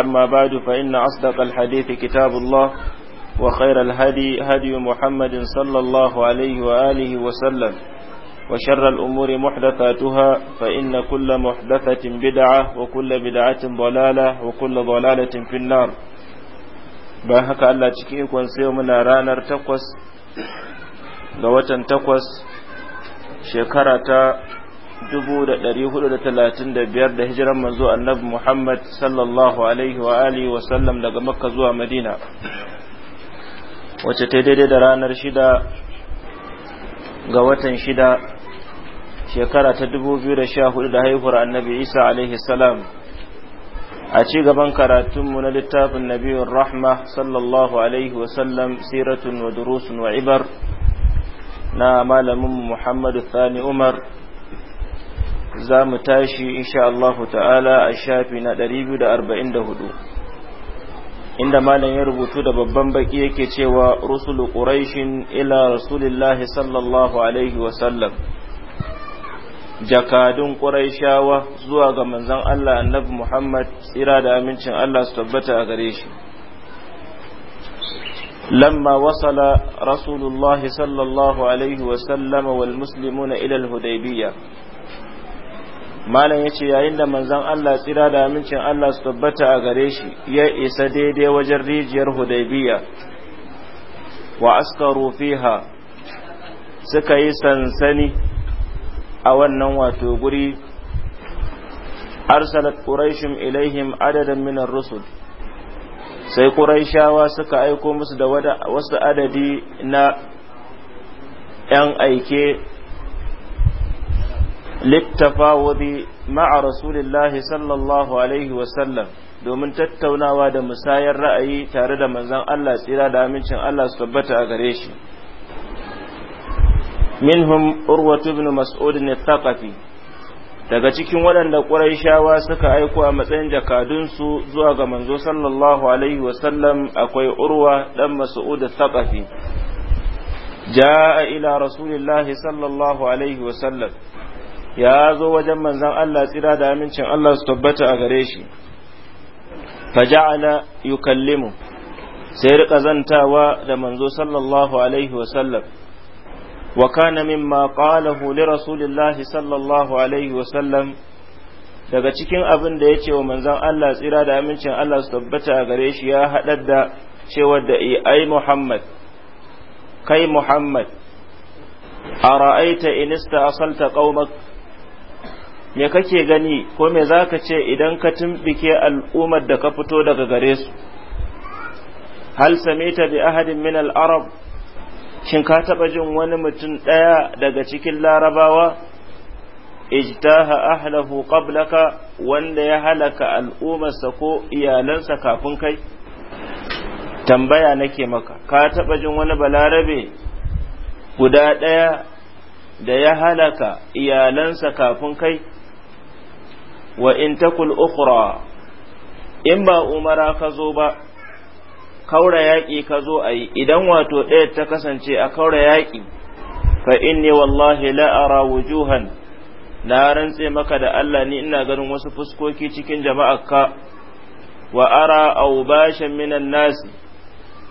أما بعد فإن أصدق الحديث كتاب الله وخير الهدي هدي محمد صلى الله عليه وآله وسلم وشر الأمور محدثاتها فإن كل محدثة بدعة وكل بدعة ضلالة وكل ضلالة في النار باهك ألا تكيك ونسيو من رانر تقوس لوتن تقوس شكرة 1435 da hijiran manzo annabi Muhammad sallallahu alaihi wa alihi wa sallam daga Makka zuwa Madina wacce ta daidai da ranar shida ga watan shida shekara ta 2014 da haihuwar annabi Isa alaihi salam a ci gaban karatunmu na littafin nabiyun rahma sallallahu alaihi wasallam siratun wa durusun wa ibar na malamin muhammadu thani umar za mu tashi insha Allah ta'ala a shafi na 244 inda malam ya rubutu da babban baki yake cewa rusulu quraishin ila rasulillahi sallallahu alaihi wa sallam jakadun quraishawa zuwa ga manzon Allah annabi Muhammad tsira da amincin Allah su tabbata a gare shi لما وصل رسول الله صلى الله عليه وسلم والمسلمون إلى الهديبية malam ya ce yayin da manzon Allah tsira da amincin Allah su tabbata a gare shi ya isa daidai wajen rijiyar hudaybiya wa askaru fiha suka yi sansani a wannan wato guri arsalat quraishum ilaihim adadan min ar-rusul sai quraishawa suka aiko musu da wasu adadi na yan aike littafawudi ma'a rasulillahi sallallahu alaihi wasallam domin tattaunawa da musayar ra'ayi tare da manzon Allah tsira da amincin Allah su tabbata a gare shi minhum urwatu ibn mas'ud al-thaqafi daga cikin waɗanda ƙuraishawa suka aiko a matsayin jakadunsu zuwa ga manzo sallallahu alaihi wa sallam akwai urwa ɗan mas'ud al-thaqafi ja'a ila rasulillahi sallallahu alaihi wa sallam. ya zo wajen manzan Allah tsira da amincin Allah su tabbata a gare shi faja'ala yukallimu sai rika zantawa da manzo sallallahu alaihi wasallam wa kana mimma qalahu li rasulillahi sallallahu alaihi wasallam daga cikin abin da ya ce wa manzan Allah tsira da amincin Allah su tabbata a gare shi ya haɗar da cewa da ai Muhammad kai Muhammad a ra'aita inista asalta qaumak me kake gani ko me za ka ce idan ka tumbike al'ummar da ka fito daga gare su hal samita bi ahadin min al-arab shin ka taɓa jin wani mutum ɗaya daga cikin larabawa ijtaha ahlahu qablaka wanda ya halaka al'ummarsa ko iyalansa kafin kai tambaya nake maka ka taɓa jin wani balarabe guda ɗaya da ya halaka iyalansa kafin kai wa in takul ukhra in ba umara ka zo ba kaura yaƙi ka zo a yi idan wato ɗaya ta kasance a kaura yaƙi fa inni wallahi la'ara wujuhan na rantse maka da Allah ni ina ganin wasu fuskoki cikin jama'arka wa ara bashan minan nasi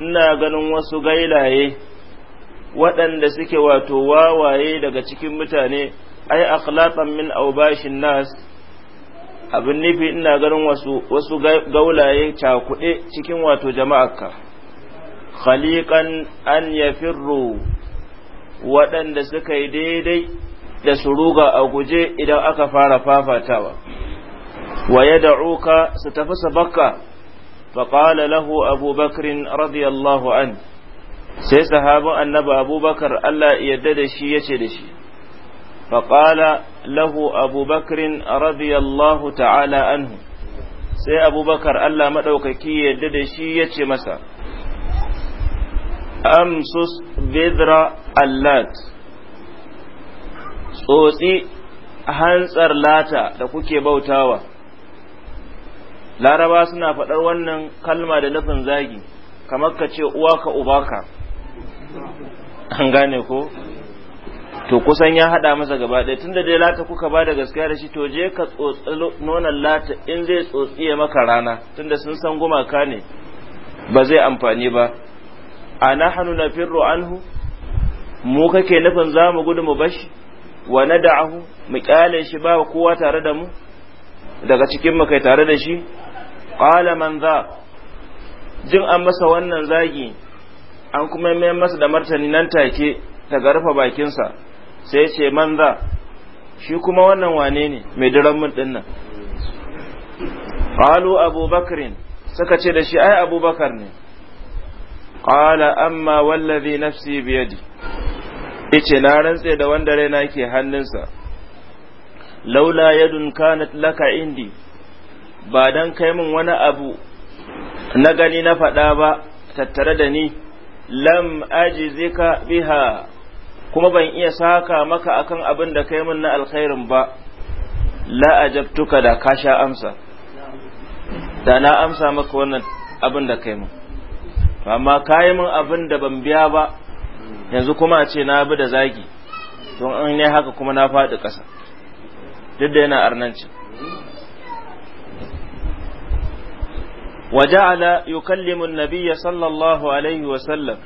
ina ganin wasu gailaye waɗanda suke wato wawaye daga cikin mutane ai akhlaqan min bashin nas abin nufi ina ganin wasu wasu gaulaye cakuɗe cikin wato jama'arka khaliqan an yafirru waɗanda suka yi daidai da su ruga a guje idan aka fara fafatawa wa ya da'uka su tafi bakka faƙala lahu abubakarin radiyallahu an sai sahabin annaba abubakar Allah yadda da shi ya ce da shi faƙala lahu abubakrin بكر ta'ala anhu sai abubakar Allah maɗaukaki yadda da shi ya ce masa amsus bedra allat tsotsi hantsar lata da kuke bautawa laraba suna faɗar wannan kalma da nufin zagi kamar ka ce uwa ka uba ka an gane ko to kusan ya hada masa gaba ɗaya tunda dai lata kuka ba da gaskiya da shi to je ka tsotsi nonon lata in zai tsotsi ya maka rana tunda sun san gumaka ne ba zai amfani ba a na nahanu na firro anhu mu kake nufin za mu gudu mu bashi wa na ahu mu kyale shi ba kowa tare da mu daga cikin mu kai tare da shi qala man za jin an masa wannan zagi an kuma mai masa da martani nan take daga rufe bakinsa sai ya ce man za shi kuma wannan wane ne mai diran mun dinnan qalu abubakrin suka ce da shi ai abubakar ne qala amma wallazi nafsi biyadi yace na rantse da wanda raina ke hannunsa laula yadun kanat laka indi ba dan kai mun wani abu na gani na faɗa ba tattare da ni lam ajizika biha kuma ban iya saka maka akan abin da kai min na alkhairin ba la ajabtuka da ka sha amsa da na amsa maka wannan abin da kai min amma kayi min abin da ban biya ba yanzu kuma a ce na bi da zagi don an ne haka kuma na faɗi ƙasa duk da yana arnanci وجعل يكلم النبي صلى الله عليه وسلم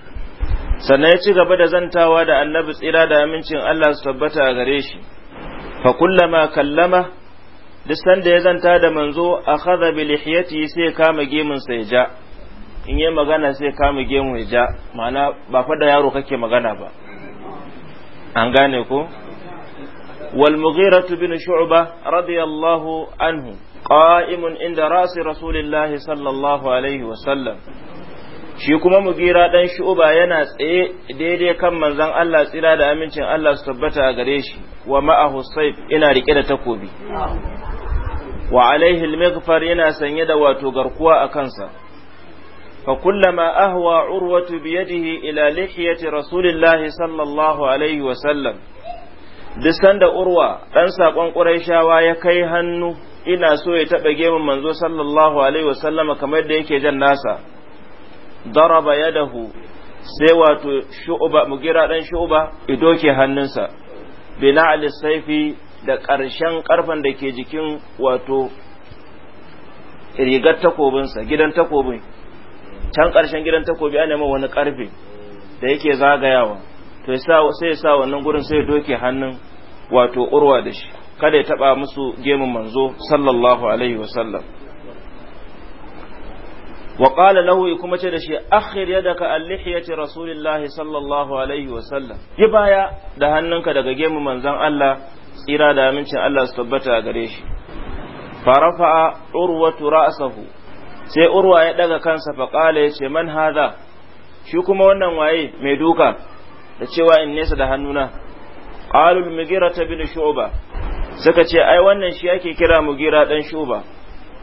sannan ya ci gaba da zantawa da annabi tsira da amincin Allah su tabbata a gare shi fa kullama kallama duk sanda ya zanta da manzo a khadha bi lihiyati sai kama gemun sa ya ja in yi magana sai kama gemu ya ja ma'ana ba fa da yaro kake magana ba an gane ko wal mughiratu bin shu'ba radiyallahu anhu qa'imun inda rasi rasulillahi sallallahu alaihi wa sallam shi kuma mu mugira dan shu'ba yana tsaye daidai kan manzon Allah tsira da amincin Allah su tabbata a gare shi wa ma'ahu sayf ina rike da takobi wa alaihi al-maghfar yana sanye da wato garkuwa a kansa fa kullama ahwa urwatu bi yadihi ila lihiyati rasulillahi sallallahu alaihi wa sallam duk sanda urwa dan sakon quraishawa ya kai hannu ina so ya taɓa gemun manzo sallallahu alaihi wa sallama kamar da yake jan nasa daraba yadahu sai wato shu'uba mugira dan shu'uba idoke hannunsa bina alisaifi da ƙarshen ƙarfen da ke jikin wato rigar takobinsa gidan takobin can ƙarshen gidan takobi ana ma wani ƙarfe da yake zagayawa to sai sa wannan gurin sai doke hannun wato urwa da shi kada ya taba musu gemun manzo sallallahu alaihi wasallam wa qala lahu kuma ce da shi akhir yadaka an lihiyati rasulillahi sallallahu alaihi wa sallam yi baya da hannunka daga gemu manzon Allah tsira da amincin Allah su tabbata a gare shi farafa urwatu ra'sahu sai urwa ya daga kansa fa qala yace man hadha shi kuma wannan waye mai duka da cewa in nesa da hannuna qalu al-mughira bin shu'ba suka ce ai wannan shi ake kira mugira dan shuba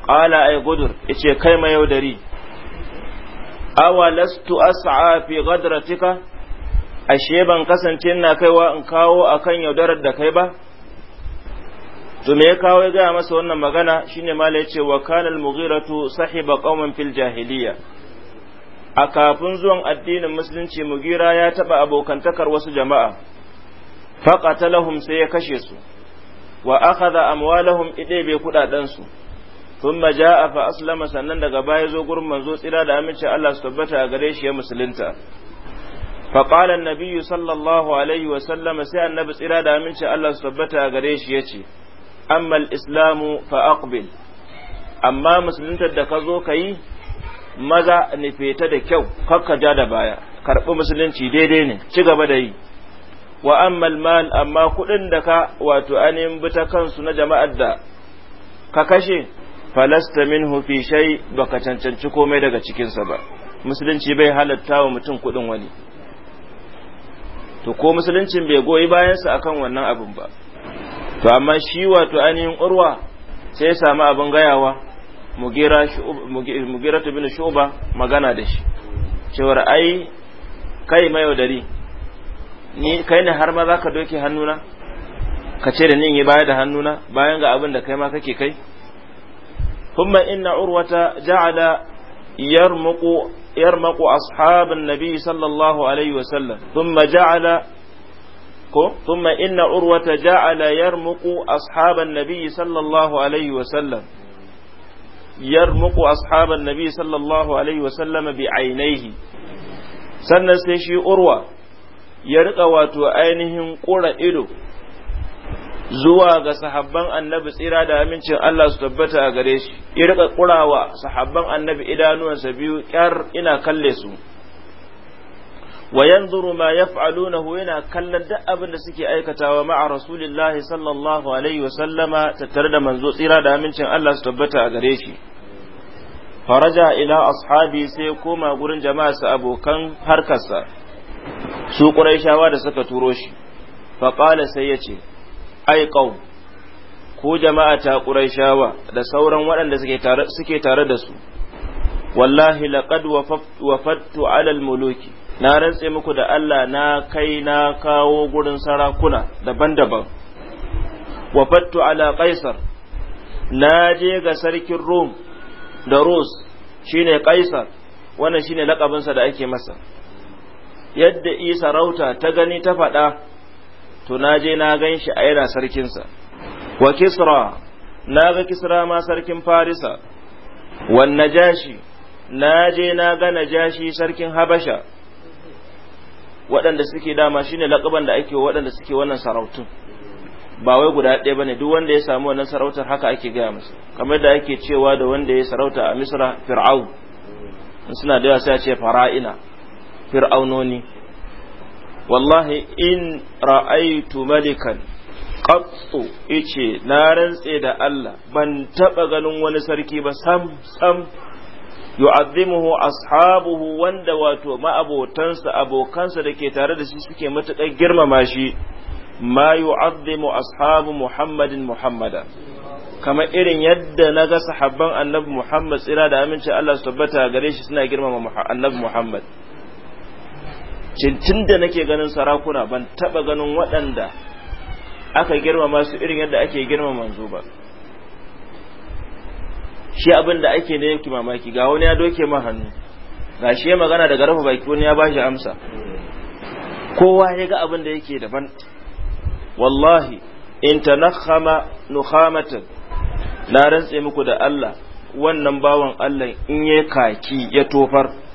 qala ai gudur yace kai ma yaudari awalastu as'a fi ghadratika ashe ban kasance ina kaiwa in kawo akan yaudarar da kai ba to me ya kawo ya gaya masa wannan magana shine mala yace wa kana al-mughiratu sahiba qauman fil jahiliya a kafin zuwan addinin musulunci mugira ya taba abokantakar wasu jama'a faqatalahum sai ya kashe su wa akhadha amwalahum idai bai kudaden su thumma jaa fa aslama sannan daga baya zo gurin manzo tsira da aminci Allah su tabbata a gare shi ya musulunta fa qala an-nabiy sallallahu alaihi wa sallama sai annabi tsira da aminci Allah su tabbata a gare shi yace amma al-islamu fa aqbil amma musuluntar da ka zo ka yi maza nufeta da kyau kakka ja da baya karɓi musulunci daidai ne ci gaba da yi wa ammal mal amma kuɗin da ka wato ainihin bi ta kansu na jama'ar da ka kashe falasta minhu fi shay baka cancanci komai daga cikinsa ba musulunci bai halatta wa mutum kudin wani to ko musuluncin bai goyi bayansa akan wannan abin ba to amma shi wato ainihin urwa sai ya samu abin gayawa mugira ta bin shuba magana da shi cewar ai kai mai yaudari ni kai ne har ma za ka doke hannuna ka ce da ni yi baya da hannuna bayan ga abin da kai ma kake kai ثم إن عروة جعل يرمق يرمق أصحاب النبي صلى الله عليه وسلم ثم جعل ثم إن عروة جعل يرمق أصحاب النبي صلى الله عليه وسلم يرمق أصحاب النبي صلى الله عليه وسلم بعينيه sannan sai shi urwa ya riƙa wato ainihin ƙura ido zuwa ga sahabban annabi tsira da amincin Allah su tabbata a gare shi ya rika kurawa sahabban annabi idanuwansa biyu kyar ina kalle su wa yanzuru ma yaf'alunahu yana kallon duk abin da suke aikatawa ma'a rasulillahi sallallahu alaihi wa sallama tattare da manzo tsira da amincin Allah su tabbata a gare shi faraja ila ashabi sai koma gurin jama'a su abokan harkarsa su quraishawa da suka turo shi qala sai yace ai qaum ko jama'a ta quraishawa da sauran waɗanda suke tare suke tare da su wallahi laqad wafattu ala almuluki na rantse muku da Allah na kai na kawo gurin sarakuna daban-daban wafattu ala kaisar na je ga sarkin rom da ros shine kaisar wannan shine lakabinsa da ake masa yadda isa rauta ta gani ta faɗa to na je na gan shi a yana sarkinsa wa kisra na ga kisra ma sarkin farisa wan najashi na je na ga najashi sarkin habasha waɗanda suke dama shine laƙaban da ake waɗanda suke wannan sarautun ba wai guda ɗaya bane duk wanda ya samu wannan sarautar haka ake gaya masa kamar da ake cewa da wanda ya sarauta a misra fir'au suna da yawa sai a ce fara'ina fir'aunoni wallahi in ra'aitu malikan qattu ice na rantse da Allah ban taɓa ganin wani sarki ba sam sam yu'azzimuhu ashabuhu wanda wato ma'abotansa abokansa da ke tare da shi suke matuƙar girmama shi ma yu'azzimu ashabu muhammadin muhammada kama irin yadda na ga sahabban annabi muhammad tsira da aminci Allah su tabbata gare shi suna girmama annabi muhammad tun da nake ganin sarakuna ban taba ganin waɗanda aka girmama su irin yadda ake girmama manzo ba shi abin da ake ne yanki mamaki ga wani ya doke ma hannu ga shi ya magana daga rafa baki wani ya shi amsa kowa ya ga abin da yake daban wallahi in tanakhama nukhamatan na rantse muku da Allah wannan bawan Allah in ya kaki ya tofar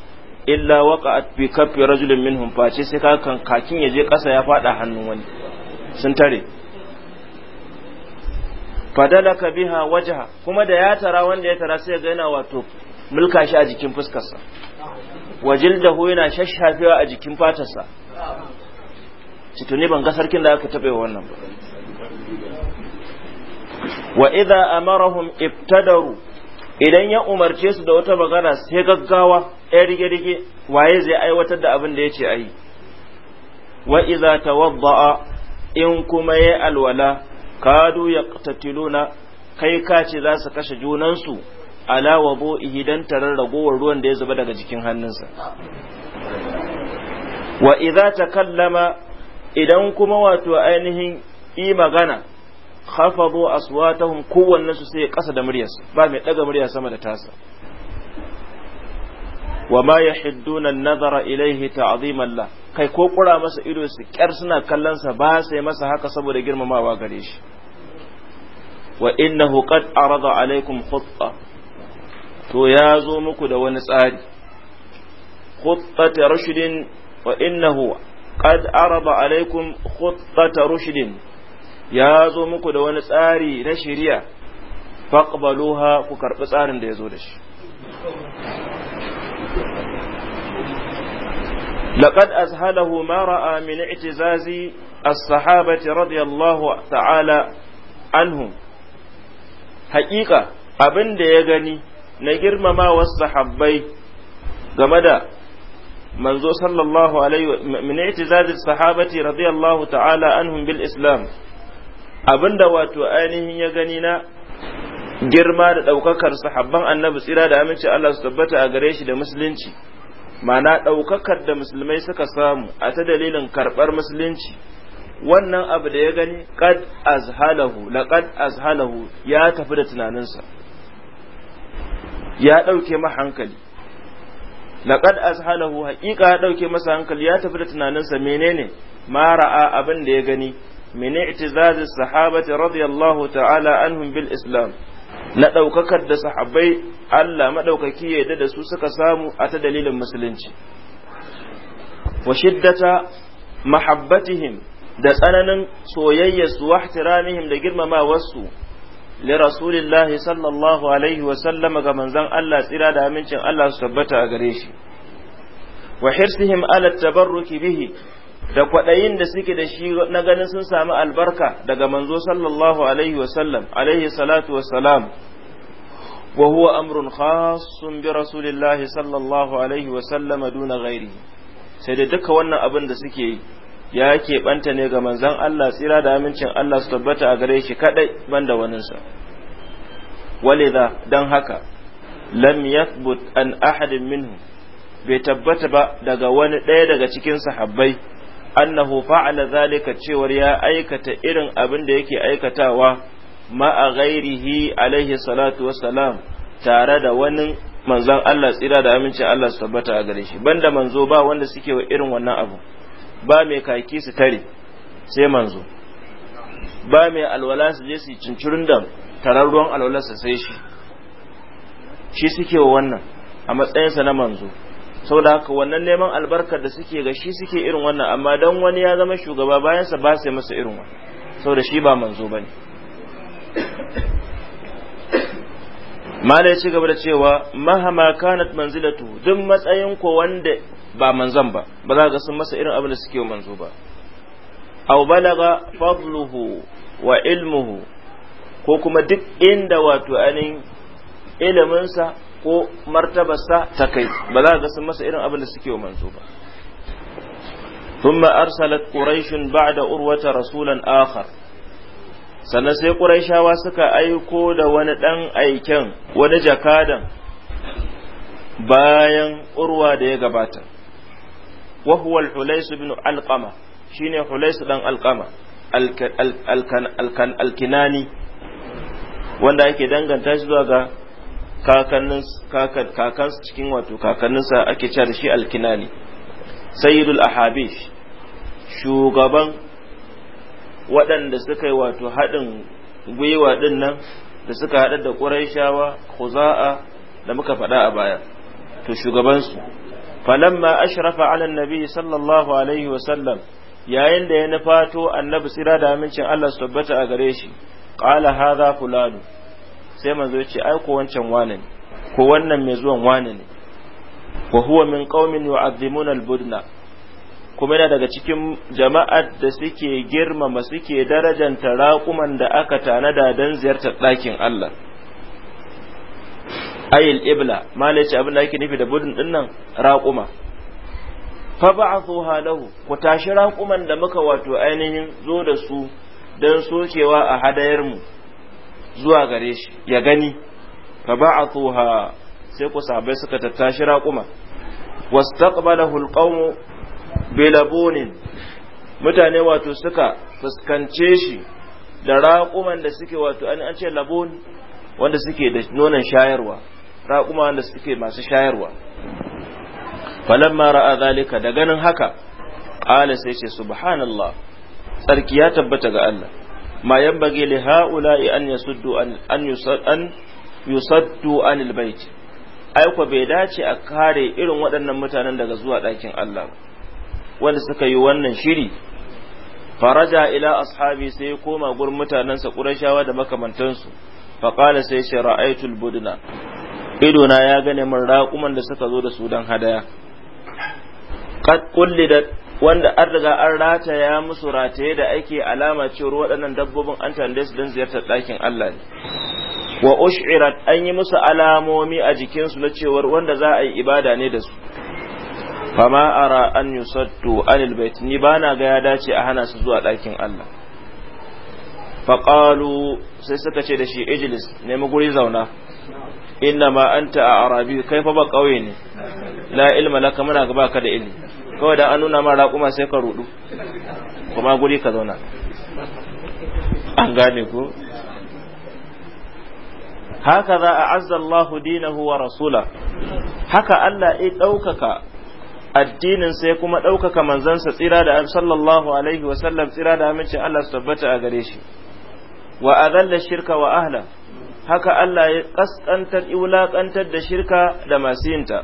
illa waqa'at fi kaffi rajulin minhum face sai ka kakin ya je kasa ya fada hannun wani sun tare Fadala ka biha wajha kuma da ya tara wanda ya tara sai ga yana wato mulka shi a jikin fuskarsa wajildahu yana shashafewa a jikin fatarsa ci tuni ban ga sarkin da aka taɓa wannan ba wa idza amarahum ibtadaru idan ya umarce su da wata magana sai gaggawa ɗaya rige-rige waye zai aiwatar da abin da ya ce a yi wa iza tawadda'a in kuma ya alwala kadu ya tattiluna kai kace ce za su kashe junansu ala wabo ihidan tarar ragowar ruwan da ya zuba daga jikin hannunsa wa iza ta kallama idan kuma wato ainihin yi magana khafadu aswatahum kowannen su sai kasa da muryarsa ba mai daga murya sama da tasa wa ma yahidduna an-nazara ilaihi ta'ziman la kai ko kura masa ido su kyar suna kallon sa ba sai masa haka saboda girmamawa gare shi wa innahu qad arada alaikum khutta to ya zo muku da wani tsari khuttata rushdin wa innahu qad arada alaikum khuttata rushdin ya zo muku da wani tsari na shari'a faqbaluha ku karbi tsarin da ya zo da shi لقد أذهله ما رأى من اعتزاز الصحابة رضي الله تعالى عنهم حقيقة abin da ya gani na girmamawar sahabbai game da manzo sallallahu alaihi min i'tizazis sahabati radiyallahu ta'ala anhum bil islam abinda wato ainihin ya gani na girma da ɗaukakar sahabban annabi tsira da aminci Allah su tabbata a gare shi da musulunci mana ɗaukakar da musulmai suka samu a ta dalilin karɓar musulunci wannan abu da ya gani qad azhalahu laqad azhalahu ya tafi da tunaninsa ya ɗauke ma hankali laqad azhalahu haƙiƙa ya ɗauke masa hankali ya tafi da tunaninsa menene ma ra'a abin da ya gani mene i'tizazi sahabati radiyallahu ta'ala anhum bil islam na ɗaukakar da sahabbai Allah maɗaukaki ya yarda da su suka samu a ta dalilin musulunci wa shiddata mahabbatihim da tsananin soyayyarsu wa ihtiramihim da girmamawarsu li rasulillahi sallallahu alaihi wa sallama ga manzon Allah tsira da amincin Allah su tabbata a gare shi wa hirsihim ala tabarruki bihi da kwaɗayin da suke da shi na ganin sun sami albarka daga manzo sallallahu alaihi wasallam alaihi salatu wasalam wa huwa amrun khassun bi rasulillahi sallallahu alaihi wasallama duna ghairi sai da duka wannan abin da suke yi ya keɓanta ne ga manzon Allah tsira da amincin Allah su tabbata a gare shi kadai banda waninsa walidha dan haka lam yathbut an ahadin minhum bai tabbata ba daga wani ɗaya daga cikin sahabbai annahu fa'ala zalika cewar ya aikata irin abin da yake aikatawa a ghairihi alaihi salatu wassalam tare da wani manzon Allah tsira da aminci Allah su tabbata a gare shi banda manzo ba wanda suke wa irin wannan abu ba mai kaki su tare sai manzo ba mai alwala su je su cincirin da tararruwan su sai shi shi suke wa wannan a matsayinsa na manzo saboda haka wannan neman albarkar da suke ga shi suke irin wannan amma dan wani ya zama shugaba bayansa ba sai masa irin wannan saboda shi ba manzo bane mala ya ci gaba da cewa mahama kanat manzilatu duk matsayin ko wanda ba manzon ba ba za ga sun masa irin abin da suke wa manzo ba aw balaga fadluhu wa ilmuhu ko kuma duk inda wato anin iliminsa ko martabarsa ta kai ba za ga sun masa irin abin da suke wa manzo ba ثم أرسلت قريش da urwata rasulan آخر sannan sai ƙuraishawa suka aiko da wani ɗan aiken wani jakadan bayan urwa da ya gabata wahuwal hulaisu bin alƙama shine hulaisu dan alƙama alkinani wanda ake danganta shi zuwa ga kakansu cikin wato kakanninsa ake cewa da shi alkinani sayyidul ahabish shugaban waɗanda suka yi wato haɗin gwiwa ɗin nan da suka haɗa da ƙuraishawa khuza'a da muka faɗa a baya to shugabansu falamma ashrafa ala nabi sallallahu alaihi wa sallam yayin da ya nufato annabi sira da amincin Allah su tabbata a gare shi qala hadha fulanu sai manzo ya ce ai ko wancan wane ne ko wannan mai zuwan wane ne wa huwa min qaumin yu'azzimuna al-budna kuma yana daga cikin jama'ar da suke girmama suke darajanta raƙuman da aka tanada don ziyartar ɗakin Allah ayil ibla malaci abin da ake nufi da budin dinnan raƙuma fa ba'athu halahu ku tashi raƙuman da muka wato ainihin zo da su don sokewa a hadayar mu zuwa gare shi ya gani fa ba'athuha sai ku sabai suka tattashi raƙuma wastaqbalahu alqawm bilabunin mutane wato suka fuskance shi da raƙuman da suke wato an ce labun wanda suke da nonon shayarwa raƙuma wanda suke masu shayarwa falamma ra'a zalika da ganin haka qala sai ce subhanallah tsarki ya tabbata ga Allah ma yanbaghi li ha'ula'i an yasuddu an an yusaddu an albayt aiko bai dace a kare irin waɗannan mutanen daga zuwa ɗakin Allah wanda suka yi wannan shiri faraja ila ashabi sai ya koma gurin mutanen sa kurashawa da makamantansu faƙala sai shi ra'aitul budna idona ya gane min raƙuman da suka zo da su don hadaya qad wanda an riga an rataya musu rataye da ake alama cewar waɗannan dabbobin an tande su don ziyartar ɗakin Allah ne wa ush'irat an yi musu alamomi a jikinsu na cewar wanda za a yi ibada ne da su fama ara an yusaddu anil bait ni bana ga ya dace a hana su zuwa ɗakin Allah qalu sai suka ce da shi ijlis nemi guri zauna inna ma anta a arabi kai fa ba kauye ne la ilma laka muna ga baka da ilmi kawai da an nuna ma raƙuma sai ka rudu kuma guri ka zauna an gane ko haka za a Allahu dinahu wa rasula haka Allah ya ɗaukaka addinin sai kuma ɗaukaka manzansa tsira da sallallahu alaihi wa sallam tsira da amince Allah su tabbata a gare shi wa azalla shirka wa ahla haka Allah ya kaskantar iwulakantar da shirka da masinta yinta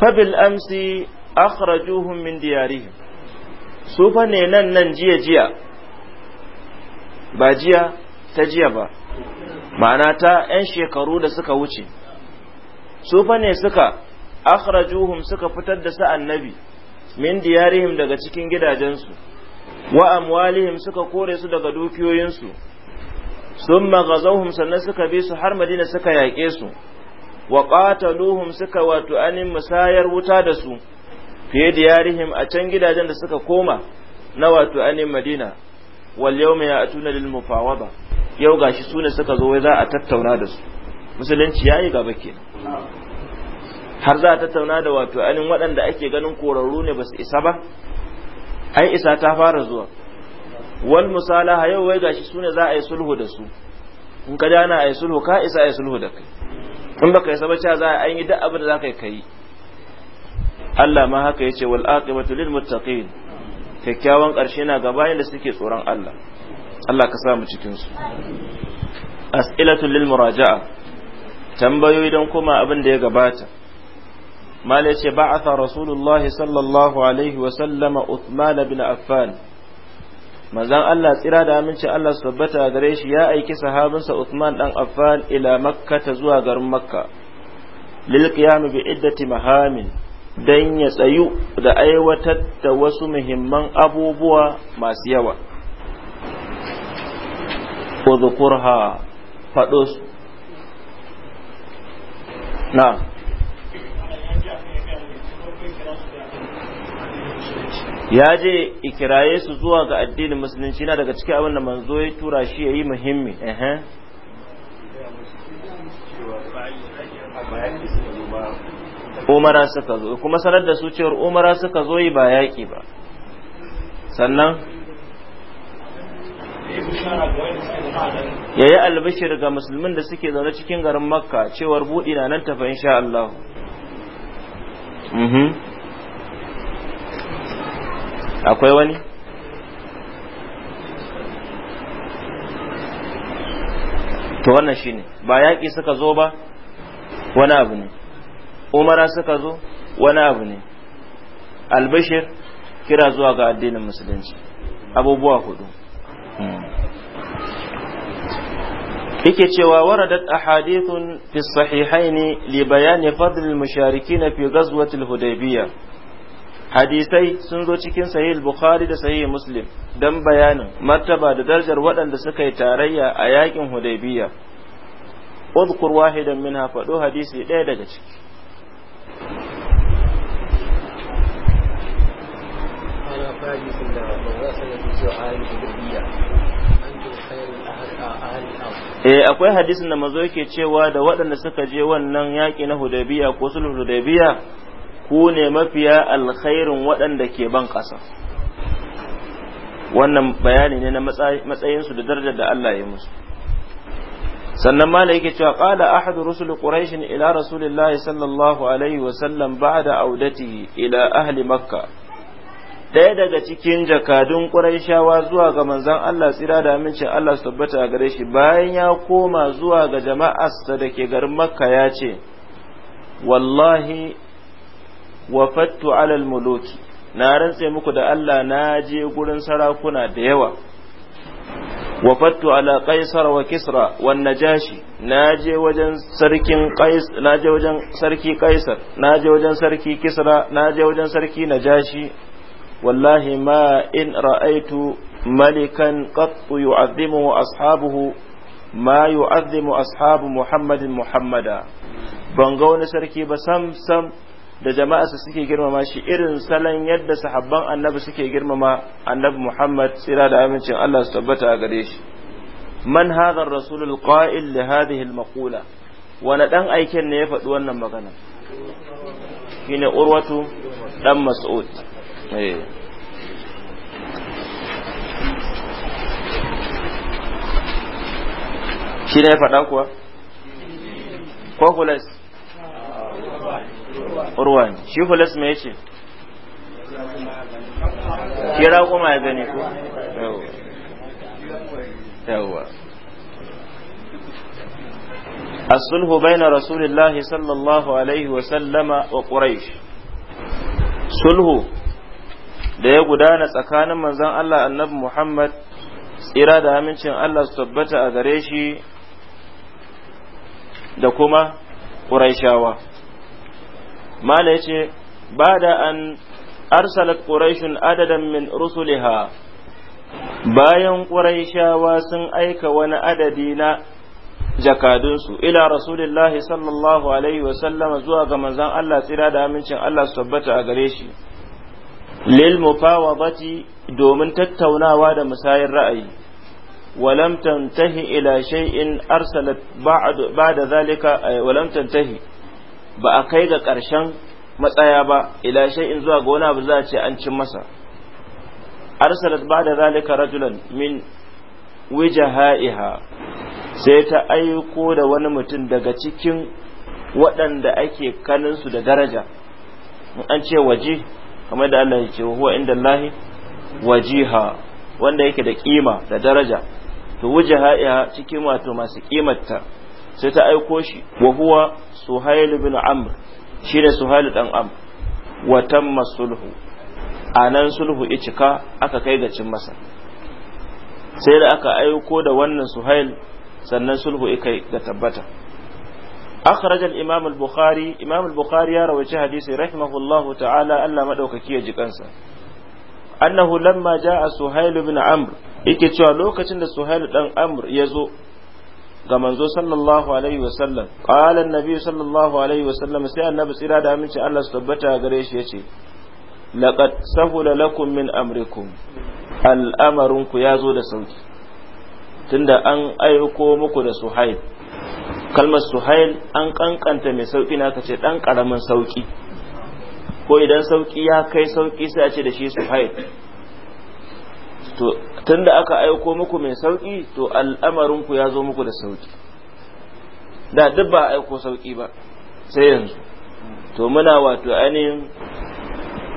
fabil amsi akhrajuhum min diyarihim su fa ne nan nan jiya jiya ba jiya ta jiya ba ma'ana ta 'yan shekaru da suka wuce su fa ne suka akhrajuhum suka fitar da su annabi min diyarihim daga cikin gidajensu wa amwalihim suka kore su daga dukiyoyinsu maga ghazawhum sannan suka bi su har madina suka yaƙe su wa qataluhum suka wato anin musayar wuta da su fiye da yarihim a can gidajen da suka koma na wato anin madina wal yawma ya'tuna lil ba. yau gashi sune suka zo wai za a tattauna da su musulunci ya yi gaba ke. har za a tattauna da wato anin waɗanda ake ganin korarru ne ba su isa ba ai isa ta fara zuwa wal musalaha yau wai gashi sune za a yi sulhu da su in ka dana a yi sulhu ka isa a yi sulhu da kai in baka yi sabaca za a yi duk abin da za ka yi kai Allah ma haka yace wal aqibatu lil muttaqin kyakkyawan ƙarshe na gaba da suke tsoron Allah Allah ka sa mu cikin su as'ilatu lil muraja'a tambayoyi don kuma abin da ya gabata mal yace ba'atha rasulullahi sallallahu alaihi wa sallama uthman bin affan manzon Allah tsira da aminci Allah su tabbata gare shi ya aiki sahabinsa Uthman dan Affan ila Makka ta zuwa garin Makka lil qiyam bi iddati mahamin dan ya tsayu da aiwatar da wasu muhimman abubuwa masu yawa udhkurha faɗo fadus na ya je ikiraye su zuwa ga addinin musulunci na daga cikin abin da manzo ya tura shi ya yi muhimmi umara suka zo kuma sanar da su cewar umara suka zo yi ba yaƙi ba sannan ya yi albishir ga musulmin da suke zaune cikin garin makka cewar buɗi na nan tafa insha Allah mhm. akwai wani to wannan shine ba yaƙi suka zo ba wani abu ne umara suka zo wani abu ne albashir kira zuwa ga addinin musulunci abubuwa hudu hmm. yake cewa waradat ahadithun fi sahihaini li bayani fadl al-musharikin fi ghazwat al-hudaybiyah hadisai sun zo cikin sahih bukhari da sahih muslim don bayanin martaba da darajar waɗanda suka yi tarayya a yakin hudaybiya udkur wahidan minha faɗo hadisi ɗaya daga ciki Eh akwai hadisin da mazo yake cewa da waɗanda suka je wannan yaƙi na Hudaybiya ko sulhul Hudaybiya ku ne mafiya alkhairin waɗanda ke ban ƙasa wannan bayani ne na su da darajar da Allah ya musu sannan mala yake cewa qala ahad rusul quraish ila rasulillahi sallallahu alaihi wa sallam ba'da audatihi ila ahli makka daya daga cikin jakadun quraishawa zuwa ga manzon Allah tsira da amincin Allah su tabbata gare shi bayan ya koma zuwa ga jama'arsa da ke garin makka ya ce wallahi wafattu alal muluki na rantse muku da Allah na je gurin sarakuna da yawa wafattu ala qaisar wa kisra wan najashi na je wajen sarkin qais na je wajen sarki qaisar na je wajen sarki kisra na je wajen sarki najashi wallahi ma in ra'aitu malikan qat yu'azzimu ashabuhu ma yu'azzimu ashabu muhammadin muhammada ban ga wani sarki ba sam sam da jama'arsa suke girmama shi irin salon yadda sahabban annabi suke girmama annabi Muhammad tsira da amincin Allah su tabbata a gare shi man hadha ar-rasul al-qa'il li hadhihi al-maqula wani dan aiken ne ya faɗi wannan magana shine urwatu dan mas'ud eh. shine ya faɗa kuwa ko urwa ne shi hulas me yace shi raƙuma ya gani ko yawwa الصلح بين رسول الله صلى الله عليه وسلم وقريش صلح da ya gudana tsakanin manzon Allah annabi Muhammad tsira da amincin Allah su tabbata a gare shi da kuma Qurayshawa mala yace bada an arsalat quraishun adadan min rusuliha bayan quraishawa sun aika wani adadi na jakadunsu ila rasulillahi sallallahu alaihi wasallama zuwa ga manzon Allah tsira da amincin Allah su tabbata a gare shi lil mufawadati domin tattaunawa da musayar ra'ayi ولم تنتهي إلى شيء أرسلت بعد بعد ذلك ولم ba a kai ga ƙarshen matsaya ba ila in zuwa ga wani abu za a ce an cin masa arsalat ba da zalika rajulan min wijaha'iha sai ta aiko da wani mutum daga cikin waɗanda ake kaninsu da daraja an ce waje kamar da Allah ya ce huwa inda Allah wajiha wanda yake da kima da daraja to wujaha'iha cikin wato masu kimarta sai ta aiko shi wa huwa suhail bin amr shine suhail dan amr wa tamma sulhu anan sulhu icika aka kai ga cin masa sai da aka aiko da wannan suhail sannan sulhu ikai ga tabbata أخرج الإمام البخاري ya البخاري hadisi حديث رحمه الله تعالى ألا مدوككي جكنسا أنه لما جاء suhail بن amr yake cewa lokacin da Suhail dan Amr ya zo ga manzo sallallahu alaihi wasallam qala annabi sallallahu alaihi wasallam sai annabi tsira da aminci Allah su tabbata gare shi yace laqad sahula lakum min amrikum al'amarin ku yazo da sauki tunda an aiko muku da suhail kalmar suhail an kankanta mai sauki na kace dan karamin sauki ko idan sauki ya kai sauki sai a ce da shi suhail to tunda aka aiko muku mai sauki to al'amarin ku ya zo muku da sauki da duk ba aiko sauki ba sai yanzu to muna wato ainihin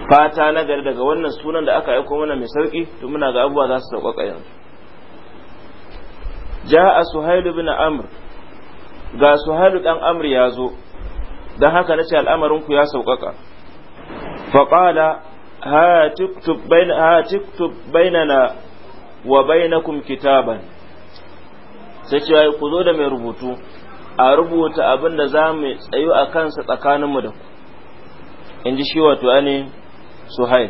fata na gari daga wannan sunan da aka aiko mana mai sauki to muna ga abubuwa za su sauƙaƙa yanzu a suhailu bin amr ga suhailu dan amr ya zo don haka na ce al'amarin ku ya sauƙaƙa faƙala ha tiktub bainana wa bainakum kitaban sai cewa ku zo da mai rubutu a rubuta abin da za mu tsayo a kansa tsakaninmu da ku in ji shi wato ne suhail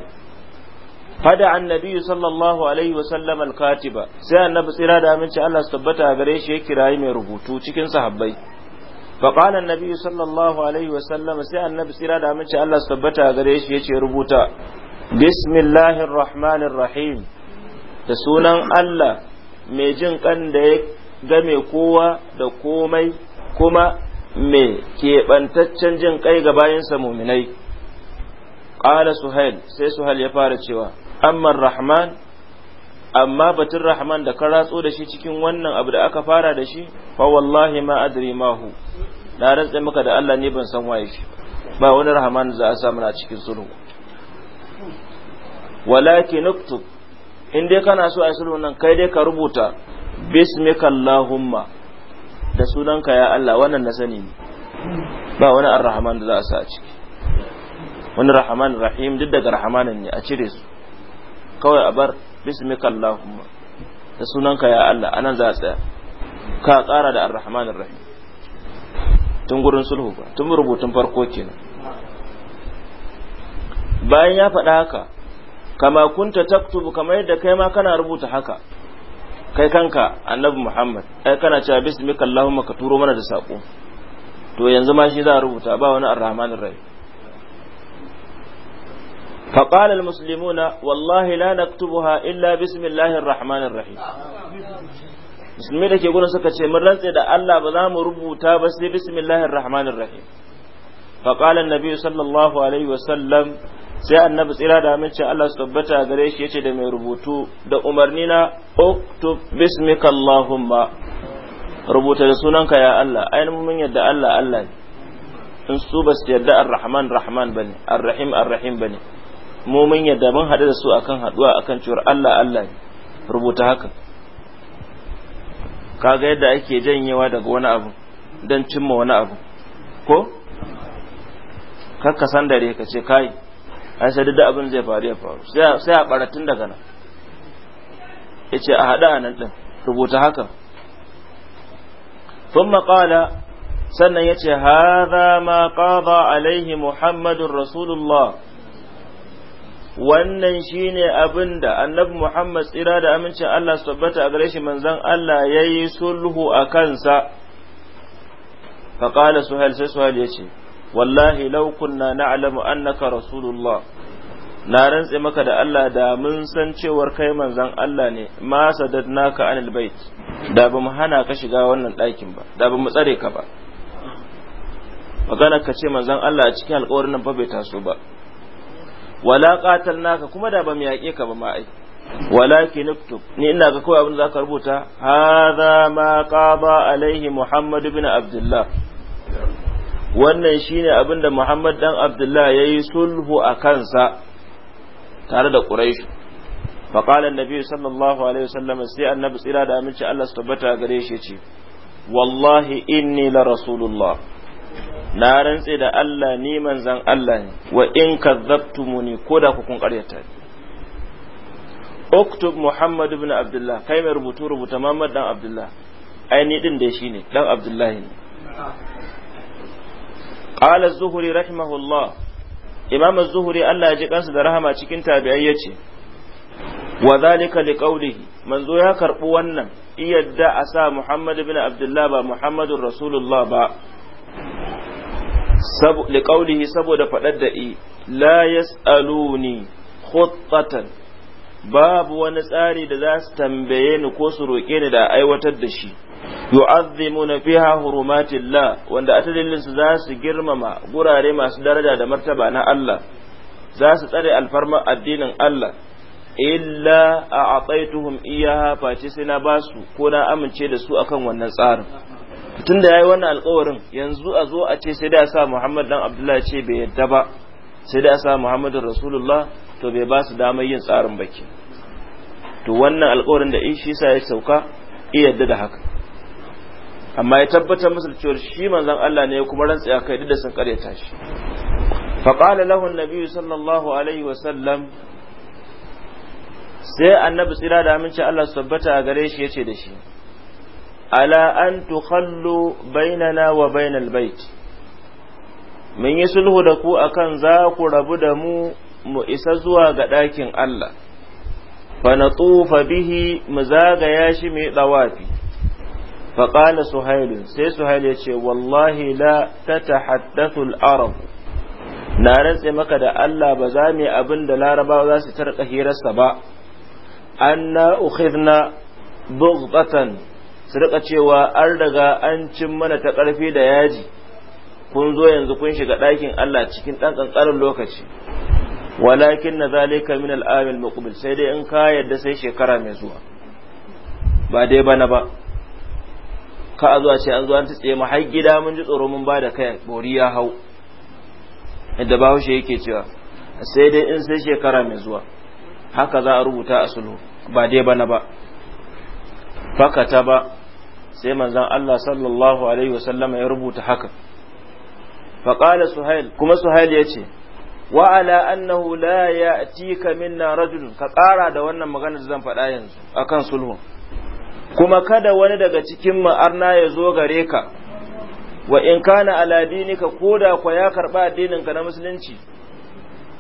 fada annabi sallallahu alaihi wasallam al-katiba sai annabi tsira da aminci Allah su tabbata gare shi ya kirayi mai rubutu cikin sahabbai فقال النبي صلى الله عليه وسلم سي النبي سيرا دا مچ الله سبتا gare shi yace rubuta bismillahir rahmanir rahim da sunan Allah mai jin kan da ya game kowa da komai kuma mai keɓantaccen jin kai ga bayansa muminai ƙala suhail sai suhail ya fara cewa amma rahman amma batun rahman da ka ratso da shi cikin wannan abu da aka fara da shi fa wallahi ma adri ma hu na rantsa maka da Allah ne ban san waye shi ba wani rahman za a sa mana cikin sulhu walakin nuktub in dai kana so a sulhu nan kai dai ka rubuta bismika allahumma da sunanka ya Allah wannan na sani ne ba wani arrahman da za a sa a ciki wani rahman rahim duk daga rahmanin ne a cire su kawai a bar bismika allahumma da sunanka ya Allah anan za a tsaya ka kara da arrahmanir rahim tun gurin sulhu ba tun rubutun farko kenan bayan ya faɗa haka kama kunta taktubu kamar yadda kai ma kana rubuta haka kai kanka annabi muhammad ai kana cewa bismika allahumma ka turo mana da sako to yanzu ma shi za rubuta ba wani arrahmanir rahim فقال المسلمون والله لا نكتبها إلا بسم الله الرحمن الرحيم musulmi da ke gudun suka ce mun rantse da Allah ba za mu rubuta ba sai bismillahir rahmanir rahim fa qala annabi sallallahu alaihi wa sallam sai annabi tsira da amince Allah su tabbata gare shi yace da mai rubutu da umarni na uktub bismika allahumma rubuta da sunanka ya Allah ainihin mun yadda Allah Allah ne in su ba su yarda ar-rahman rahman bane ar-rahim ar-rahim bane mumin yadda mun haɗu da su akan haɗuwa akan cewar Allah Allah ne rubuta haka kaga yadda ake janyewa daga wani abu don cimma wani abu ko kakka san dare ka ce kai ai sai duk abin zai faru ya faru sai a baratun daga nan yace a haɗa a nan din rubuta haka thumma qala sannan yace hadha ma qada alaihi muhammadur rasulullah wannan shine abin da annabi Muhammad tsira da amincin Allah su tabbata a gare shi manzan Allah ya yi sulhu a kansa faƙala suhail sai suhail ya ce wallahi law kunna na'lamu annaka rasulullah na rantse maka da Allah da mun san cewar kai manzan Allah ne ma naka anil bait da ba mu hana ka shiga wannan ɗakin ba da ba mu tsare ka ba magana ka ce manzon Allah a cikin alƙawarin nan ba bai taso ba wala qatalnaka kuma da ba mu yaƙe ka ba ma ai walakin nuktub ni ina ga kawai abin da zaka rubuta hadha ma qada alaihi muhammad ibn abdullah wannan shine abin da muhammad dan abdullah yayi sulhu a kansa tare da quraish فقال النبي صلى الله عليه وسلم سي النبي da الله Allah وسلم الله gare shi ce. Wallahi inni la الله na rantse da Allah ni manzan Allah ne wa in kazzabtumuni ko da ku kun karyata uktub muhammad ibn abdullah kai mai rubutu rubuta muhammad dan abdullah ai ni din da shine dan abdullahi ne qala az-zuhri rahimahullah imam az-zuhri Allah ya ji kansa da rahama cikin tabi'ai yace wa zalika liqaulihi manzo ya karbu wannan iyadda a sa muhammad ibn abdullah ba muhammadur rasulullah ba liƙaunihi saboda faɗar da i la yas'aluni khuttatan babu wani tsari da za su tambaye ni ko su roƙe ni da aiwatar da shi yu'azzimuna fiha hurumatillah wanda a dalilin su za su girmama gurare masu daraja da martaba na Allah za su tsare alfarman addinin Allah illa a ataituhum iyaha face sai na basu ko na amince da su akan wannan tsarin tun da ya yi wannan alkawarin yanzu a zo a ce sai da sa muhammad dan abdullahi ce bai yadda ba sai da sa muhammadu rasulullah to bai ba su damar yin tsarin baki to wannan alkawarin da shi sa ya sauka iya yadda da haka amma ya tabbatar musu da cewa shi manzon Allah ne kuma rantsi ya kai duk da sun karyata shi lahu an النبي sallallahu alaihi wa sallam. sai annabi tsira da aminci Allah su tabbata a gare shi yace da shi ala an tukhallu bainana wa bainal bait mun yi sulhu da ku akan za ku rabu da mu mu isa zuwa ga ɗakin Allah fana na tsufa bihi mu zagaya shi mai tsawafi. fa ƙala suhailun sai suhail ya ce wallahi la ta tahaddathu al-arab na rantse maka da Allah ba za mu yi abin da larabawa za su tarka hirarsa ba anna ukhidna bughtatan su rika cewa an daga an cin mana ta ƙarfi da yaji kun zo yanzu kun shiga ɗakin Allah cikin ɗan ƙanƙanin lokaci walakin na zalika min al'amil muqbil sai dai in ka yadda sai shekara mai zuwa ba dai bana ba ka a zuwa sai an zuwa an tsaye mu har gida mun ji tsoro mun ba da kai bori ya hau yadda haushe yake cewa sai dai in sai shekara mai zuwa haka za a rubuta a sulhu ba dai bana ba fakata ba sai manzon Allah sallallahu alaihi wasallam ya rubuta haka fa qala suhail kuma suhail ya ce wa ala annahu la ya'tika minna rajulun ka ƙara da wannan maganar zan faɗa yanzu akan sulhu kuma kada wani daga cikin mu arna ya zo gare ka wa in kana ala dinika koda kwa ya karba addinin ka na musulunci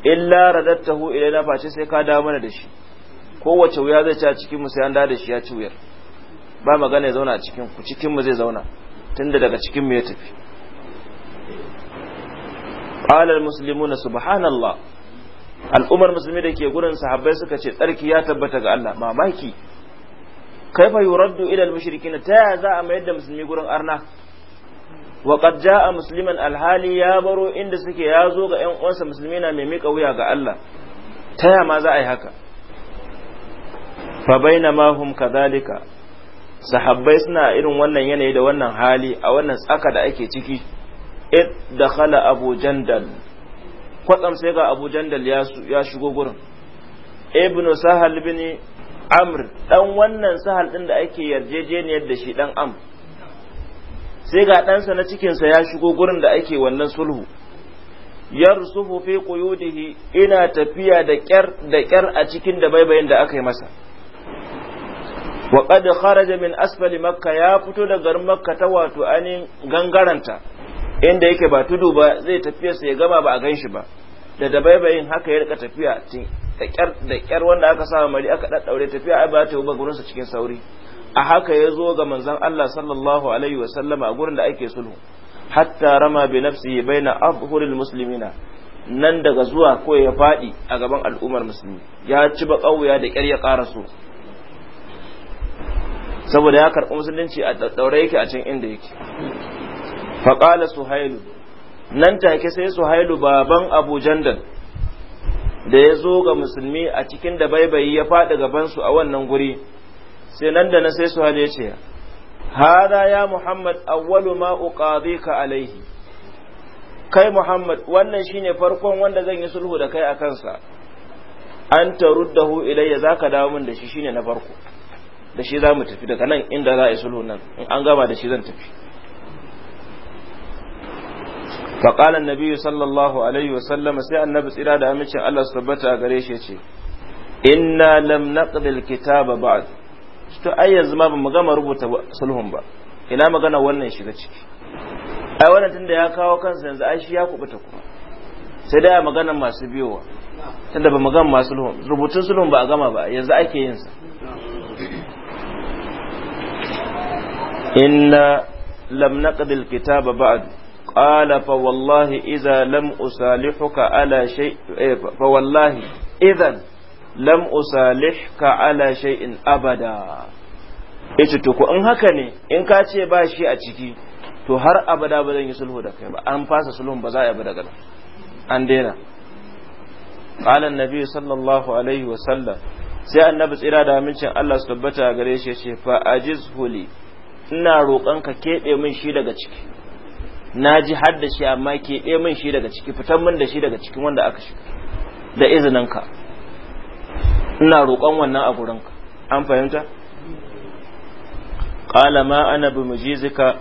illa radattahu ilaina face sai ka da mana da shi kowace wuya zai ci a cikin mu sai an da shi ya ci wuyar ba magana ya zauna a cikin ku cikin mu zai zauna tunda daga cikin mu ya tafi qala al muslimuna subhanallah al'ummar musulmi da ke gurin sahabbai suka ce tsarki ya tabbata ga Allah mamaki kai fa yuraddu ila al-mushrikin ta ya za a mayar da musulmi gurin arna wa qad jaa musliman al-hali ya baro inda suke yazo ga ƴan uwansa musulmi na mai mika wuya ga Allah ta ya ma za a yi haka fa bainama hum kadhalika sahabbai suna irin wannan yanayi da wannan hali a wannan tsaka da ake ciki id dakhala abu jandal kwatsam sai ga abu jandal ya shigo gurin ibnu sahal bin amr dan wannan sahal din da ake yarjejeniyar da shi dan am sai ga ɗansa na cikinsa ya shigo gurin da ake wannan sulhu yarsufu fi quyudihi ina tafiya da kyar da kyar a cikin da baibayin da aka yi masa wa qad kharaja min asfali makka ya fito da garin makka ta wato anin gangaranta inda yake ba tudu ba zai tafiya sai ya gama ba a ganshi ba da dabaibayin haka ya rika tafiya da kyar da kyar wanda aka sa mari aka daddaure tafiya ai ba ta ba sa cikin sauri a haka ya zo ga manzon Allah sallallahu alaihi wa sallama a gurin da ake sulhu hatta rama bi nafsihi baina abhuril muslimina nan daga zuwa ko ya fadi a gaban al'ummar musulmi ya ci ba kauya da kyar ya karaso saboda ya karɓi musulunci a ɗaure yake a can inda yake faƙala suhailu nan take sai suhailu baban abu jandal da ya zo ga musulmi a cikin da baibayi ya faɗi gabansu a wannan guri sai nan da na sai suhailu ya ce hada ya muhammad awwalu ma uqadika alaihi kai muhammad wannan shine farkon wanda zan yi sulhu da kai a kansa an taruddahu ilayya zaka dawo min da shi shine na farko da shi za mu tafi daga nan inda za a yi sulhu nan in an gama da shi zan tafi faƙalan nabi sallallahu alaihi wasallama sai annabi tsira da amincin allah su tabbata a gare shi ce inna lam naqdil kitaba ba'd to ai yanzu ma bamu gama rubuta sulhun ba ina magana wannan shiga ciki ai wannan tunda ya kawo kansa yanzu ai shi ya kubuta kuma sai da magana masu biyowa tunda bamu gama masu sulhun rubutun sulhun ba a gama ba yanzu ake yin sa إن لم نقد الكتاب بعد قال فوالله إذا لم أصالحك على شيء فوالله إذا لم أصالحك على شيء أبدا ita to ko in haka ne in ka ce ba shi a ciki to har abada ba zan yi sulhu da kai ba an fasa sulhun ba za a yi ba daga nan an daina qala annabi sallallahu alaihi wa sallam sai annabi tsira da amincin Allah su tabbata gare shi ya ce fa ajizhu huli ina roƙon ka keɓe min shi daga ciki na ji har da shi amma keɓe min shi daga ciki fitan min da shi daga cikin wanda aka shiga da izinin ka ina roƙon wannan a gurin ka an fahimta qala ma ana bi mujizika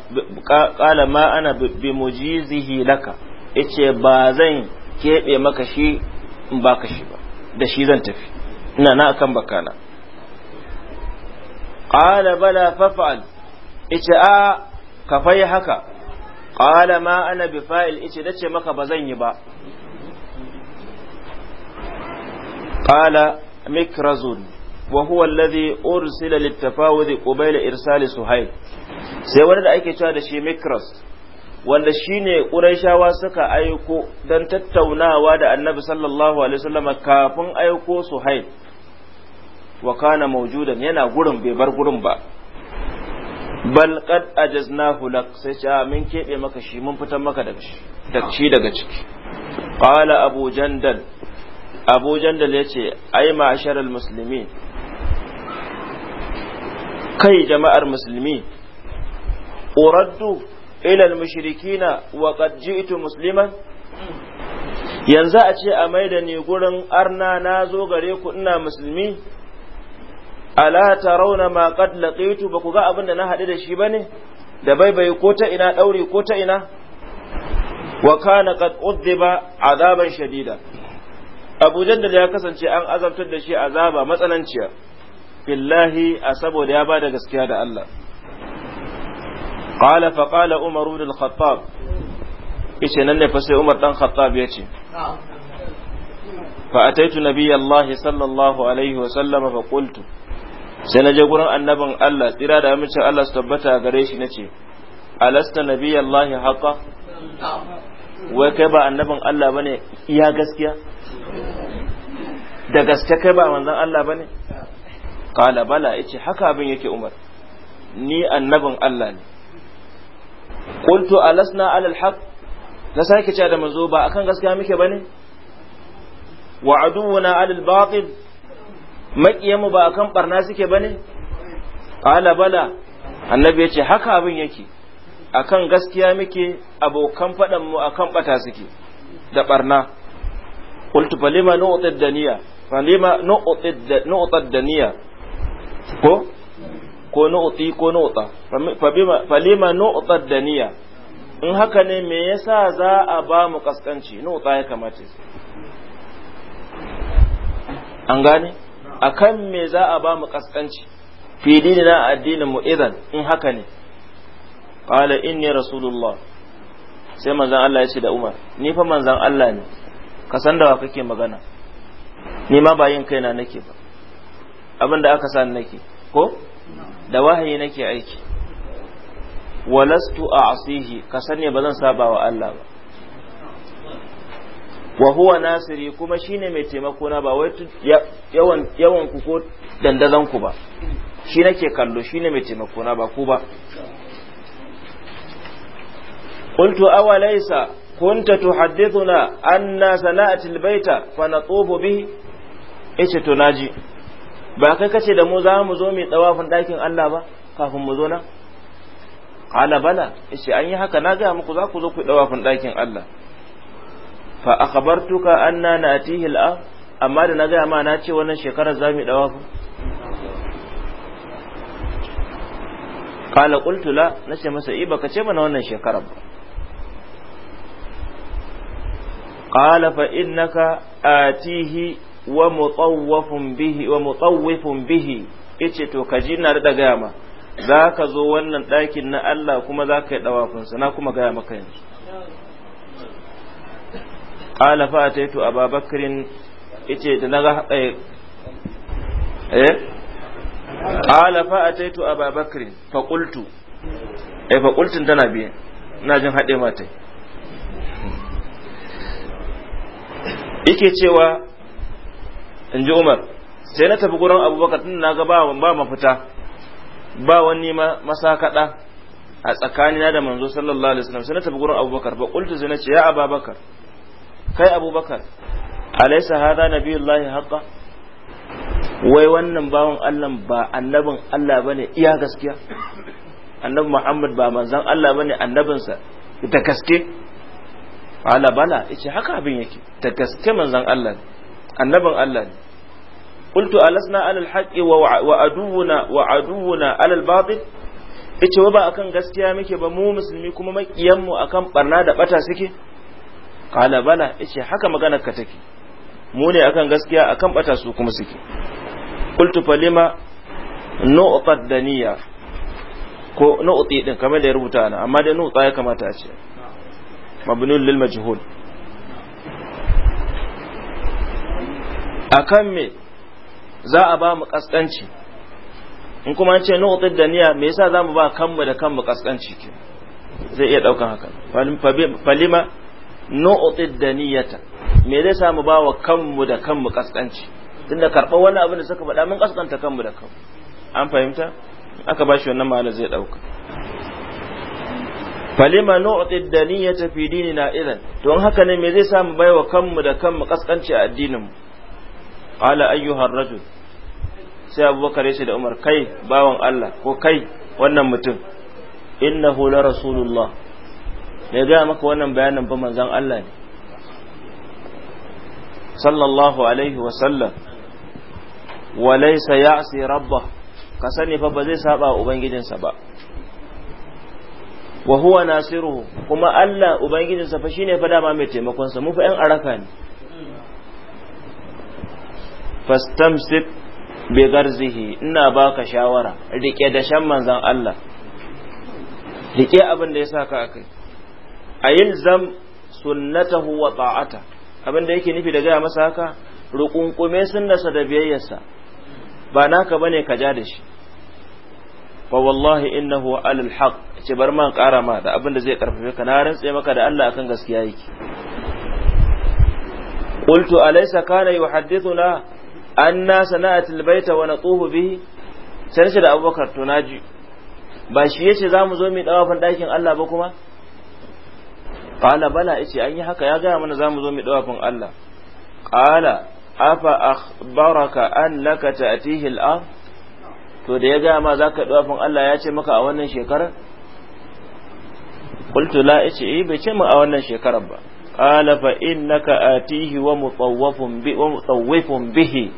qala ma ana bi mujizihi laka yace ba zan keɓe maka shi in baka shi ba da shi zan tafi ina na akan bakana qala bala fafa'al ice a ka yi haka qala ma ana bi fa'il ice dace maka ba zan yi ba qala mikrazun wa huwa alladhi ursila littafawudi qabila irsali suhayl sai wani da ake cewa da shi mikras wanda shine ƙurashawa suka aiko dan tattaunawa da annabi sallallahu alaihi wasallam kafin aiko suhayl wa kana mawjudan yana gurin bai bar gurin ba bal qad ajaznahu lak sai ce min kebe maka shi mun fitar maka daga shi daga shi daga ciki qala abu jandal abu jandal yace ai ma'asharal muslimin kai jama'ar musulmi uraddu ila al-mushrikina wa qad ji'tu musliman yanzu a ce a maida ni gurin arna na zo gare ku ina musulmi ala tarawna ma qad laqitu ba ku ga abin da na haɗu da shi bane da baibaye ko ta ina ɗaure ko ta ina wa kana qad udhiba azaban shadida Abu Jandal ya kasance an azabtar da shi azaba matsananciya billahi a saboda ya bada gaskiya da Allah qala fa qala Umar ibn al-Khattab yace nan ne fa sai Umar dan Khattab ce. fa ataitu nabiyallahi sallallahu alaihi wa sallama fa qultu sai na je gurin annabin Allah tsira da amincin Allah su tabbata gare shi nace alasta nabiyallahi haqa wai kai ba annabin Allah bane iya gaskiya da gaske kai ba manzon Allah bane qala bala yace haka abin yake Umar ni annabin Allah ne qultu alasna alal haqq na sake cewa da manzo ba akan gaskiya muke bane wa aduwuna alal batil maƙiyanmu ba akan barna suke bane qala bala annabi yace haka abin yake akan gaskiya muke abokan faɗan mu akan bata suke da barna qultu falima nu'tid daniya falima nu'tid nu'tid daniya ko ko nu'ti ko nu'ta falima nu'tid daniya in haka ne me yasa za a ba mu kaskanci nu'ta ya kamata an gane akan me za a ba mu kaskanci fi na addinin mu idan in haka ne qala inni rasulullah sai manzon Allah ya ce da Umar ni fa manzon Allah ne ka san da wa kake magana ni ma ba yin kaina nake ba abin da aka san nake ko da wahayi nake aiki walastu a'sihi ka sani ba zan saba wa Allah ba wa huwa nasiri kuma shine mai taimako na ba wai yawan yawan ku ko dandazan ku ba shi nake kallo shine mai taimako na ba ku ba qultu aw laysa kunta tuhaddithuna anna sana'ati albayta fa natubu bihi ice to naji ba kai kace da mu za mu zo mu tsawafin dakin Allah ba kafin mu zo na qala bala ice an yi haka na ga muku za ku zo ku tsawafin dakin Allah fa akhbartuka anna natihi al amma da na gaya ma na ce wannan shekarar zamu dawa ku kala qultu la nace masa i baka ce mana wannan shekarar ba qala fa innaka atihi wa mutawwafun bihi wa mutawwifun bihi yace to kaji na da gaya ma zaka zo wannan ɗakin na Allah kuma zaka yi sa na kuma gaya maka yanzu qala fa ataitu ababakrin yace da naga eh, eh? qala fa ataitu ababakrin fa qultu eh fa qultin tana biye na jin hade mata yake cewa Inji umar sai na tafi gurin abubakar tun naga ga ba mafita ba wani masakada a tsakanina da manzo sallallahu alaihi wasallam sai na tafi gurin abubakar ba kultu sai na ce ya ababakar kai abubakar alaisa hada nabiyullahi haqqa wai wannan bawan Allah ba annabin Allah bane iya gaskiya annabi Muhammad ba manzon Allah bane annabinsa da gaske ala bala yace haka abin yake da gaske manzon Allah annabin Allah ne qultu alasna alal haqqi wa aduwuna wa aduwuna alal albatil yace ba akan gaskiya muke ba mu musulmi kuma makiyan mu akan barna da bata suke kala bala yace haka maganar ka take mu ne akan gaskiya akan bata su kuma suke qultu falima nu'qad daniya ko nu'ti din kamar da ya rubuta ana amma da nu'ta ya kamata a ce mabnun lil majhul akan me za a ba mu kaskanci in kuma an ce nu'tid daniya me yasa zamu ba kanmu da kanmu kaskanci ke zai iya daukan haka falima nu'tid daniyata me zai samu bawa kanmu da kanmu kaskanci tunda karɓar wani abin da suka faɗa mun kaskanta kanmu da kanmu an fahimta aka bashi wannan ma'ana zai ɗauka falima nu'ti daniyata fi dinina idan to haka ne me zai samu baiwa kanmu da kanmu kaskanci a addinin mu qala ayyuhar rajul sai abubakar yace da umar kai bawan Allah ko kai wannan mutum innahu la rasulullah ya gaya maka wannan bayanin ba manzan Allah ne sallallahu alaihi wa sallam wa laysa ya'si Rabba ka sani fa ba zai saba ubangijinsa ba wa huwa nasiruhu kuma Allah ubangijinsa fa shine fa dama mai taimakon sa mu fa yan araka ne fastamsik bi garzihi ina baka shawara rike da shan manzan Allah rike abin da ya saka akai a yilzam sunnatahu wa ta'ata abin yake nufi da gaya masa haka rukunkume sunnarsa da biyayyarsa ba naka bane ka ja da shi fa wallahi innahu alal haqq ce bar man ƙara ma da abinda zai karfafe ka na rantse maka da Allah akan gaskiya yake qultu alaysa kana yuhaddithuna anna sana'at albayt wa natuhu bihi sai da Abubakar to naji ba shi yace zamu zo mu dawo fan dakin Allah ba kuma qala bala yace an yi haka ya gaya mana zamu zo mu dawafin Allah qala afa akhbaraka annaka ta'tihi al-ard to da ya gaya ma zaka dawafin Allah ya ce maka a wannan shekarar qultu la yace eh bai ce mu a wannan shekarar ba qala fa innaka atihi wa mutawwafun bi wa mutawwifun bihi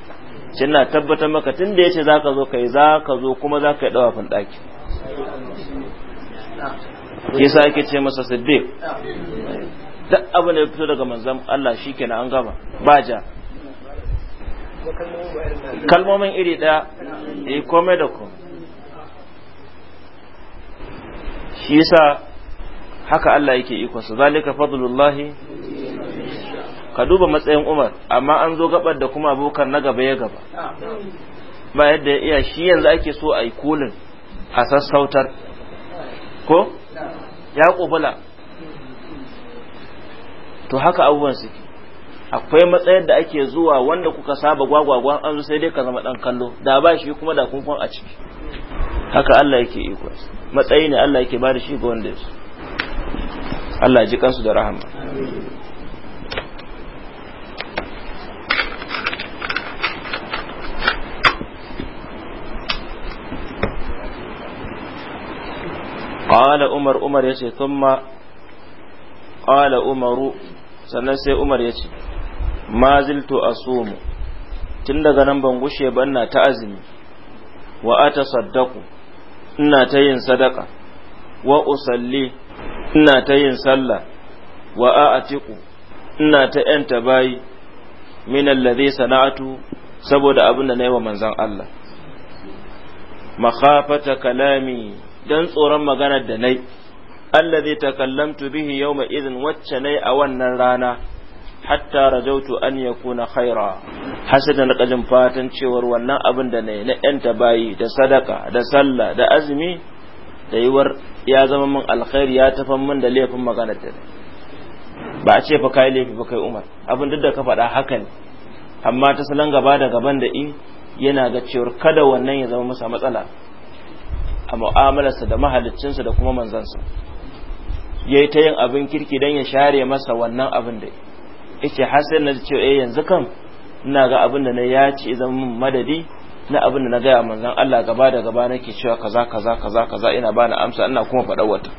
cinna tabbata maka tunda yace zaka zo kai zaka zo kuma zaka yi dawafin daki yasa yake ce masa siddiq duk abu ne ya fito daga manzon Allah shi na an gama ba ja kalmomin iri ɗaya yi eh, kome da ku shi yasa haka Allah yake iko su zalika fadlullahi ka duba matsayin Umar amma an zo gabar da kuma abokan na gaba ya gaba ba yadda ya iya shi yanzu ake so a yi kulin a sassautar ko ya ƙubula to haka abubuwan suke akwai matsayar da ake zuwa wanda kuka saba gwagwagwa an zo sai dai ka zama dan kallo da ba shi kuma da kunkun a ciki haka Allah yake iko matsayi ne Allah yake ba da shi ga wanda ya Allah ji kansu da rahama qala umar umar yace thumma qala umaru sannan sai umar yace ma ziltu asumu tun daga nan ban gushe ba ina ta azumi wa saddaku ina ta yin sadaka wa usalli ina ta yin sallah wa a'atiqu ina ta yanta bayi min allazi sana'atu saboda abin da na yi wa manzon Allah makhafata kalami dan tsoron maganar da nai allazi takallamtu bihi yawma idhin wacce nai a wannan rana hatta rajautu an yakuna khaira hasada na kajin fatan cewar wannan abin da nai na yanta bayi da sadaka da sallah da azumi da yiwar ya zama min alkhairi ya tafan min da laifin maganar da ba a ce fa kai laifi ba kai Umar abin duk da ka faɗa haka ne amma ta salan gaba da gaban da in yana ga cewar kada wannan ya zama masa matsala a mu'amalarsa da mahaliccinsa da kuma manzansa ya yi ta yin abin kirki don ya share masa wannan abin da ce hasir na cewa ya eh, yanzu kan ina ga abin da na ya ce zama min madadi na abin da na gaya manzan Allah gaba da gaba ke cewa kaza kaza kaza kaza ina ba na amsa ina kuma faɗa wata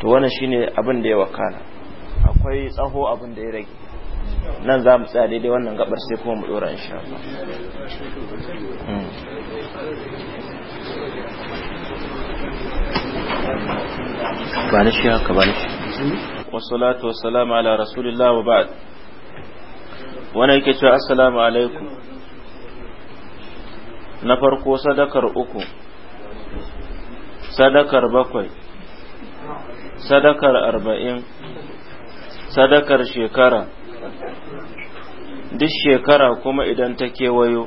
to wannan shine abin da ya wakana akwai tsaho abin da ya rage nan za mu tsaya daidai wannan gabar sai kuma mu dora insha Allah hmm. ba ni shi haka ba shi ala rasulillah wa ba'd wannan yake cewa assalamu alaikum na farko sadakar uku sadakar bakwai sadakar arba'in sadakar shekara duk shekara kuma idan ta kewayo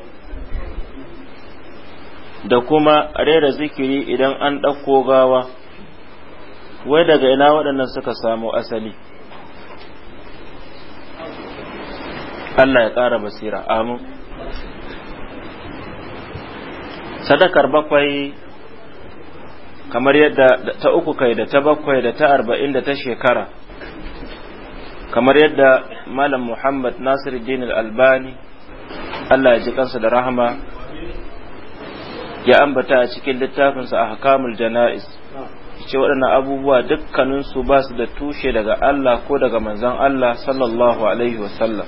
da kuma rera zikiri idan an ɗauko gawa wai daga ina waɗannan suka samu asali Allah ya ƙara basira amin sadakar bakwai kamar yadda ta uku kai da ta bakwai da ta arba'in da ta shekara kamar yadda malam muhammad nasir al-albani allah ya ji kansa da rahama ya ambata a cikin littafinsa a hakamul jana'is ce waɗannan abubuwa dukkaninsu ba su da tushe daga allah ko daga manzan allah sallallahu alaihi wasallam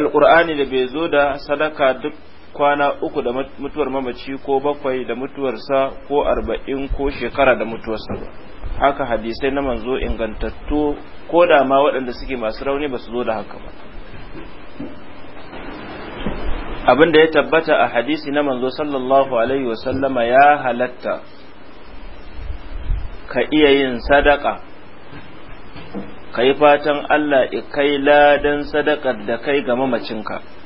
alƙur'ani da bai zo da sadaka duk kwana uku da mutuwar mamaci ko bakwai da mutuwarsa ko arba'in ko shekara da mutuwarsa haka hadisai na manzo ingantattu ko da ma waɗanda suke masu rauni ba su zo da haka ba abin da ya tabbata a hadisi na manzo sallallahu alaihi wasallama ya halatta ka iya yin sadaka ka yi fatan Allah kai ladan sadakar da kai ga mamacinka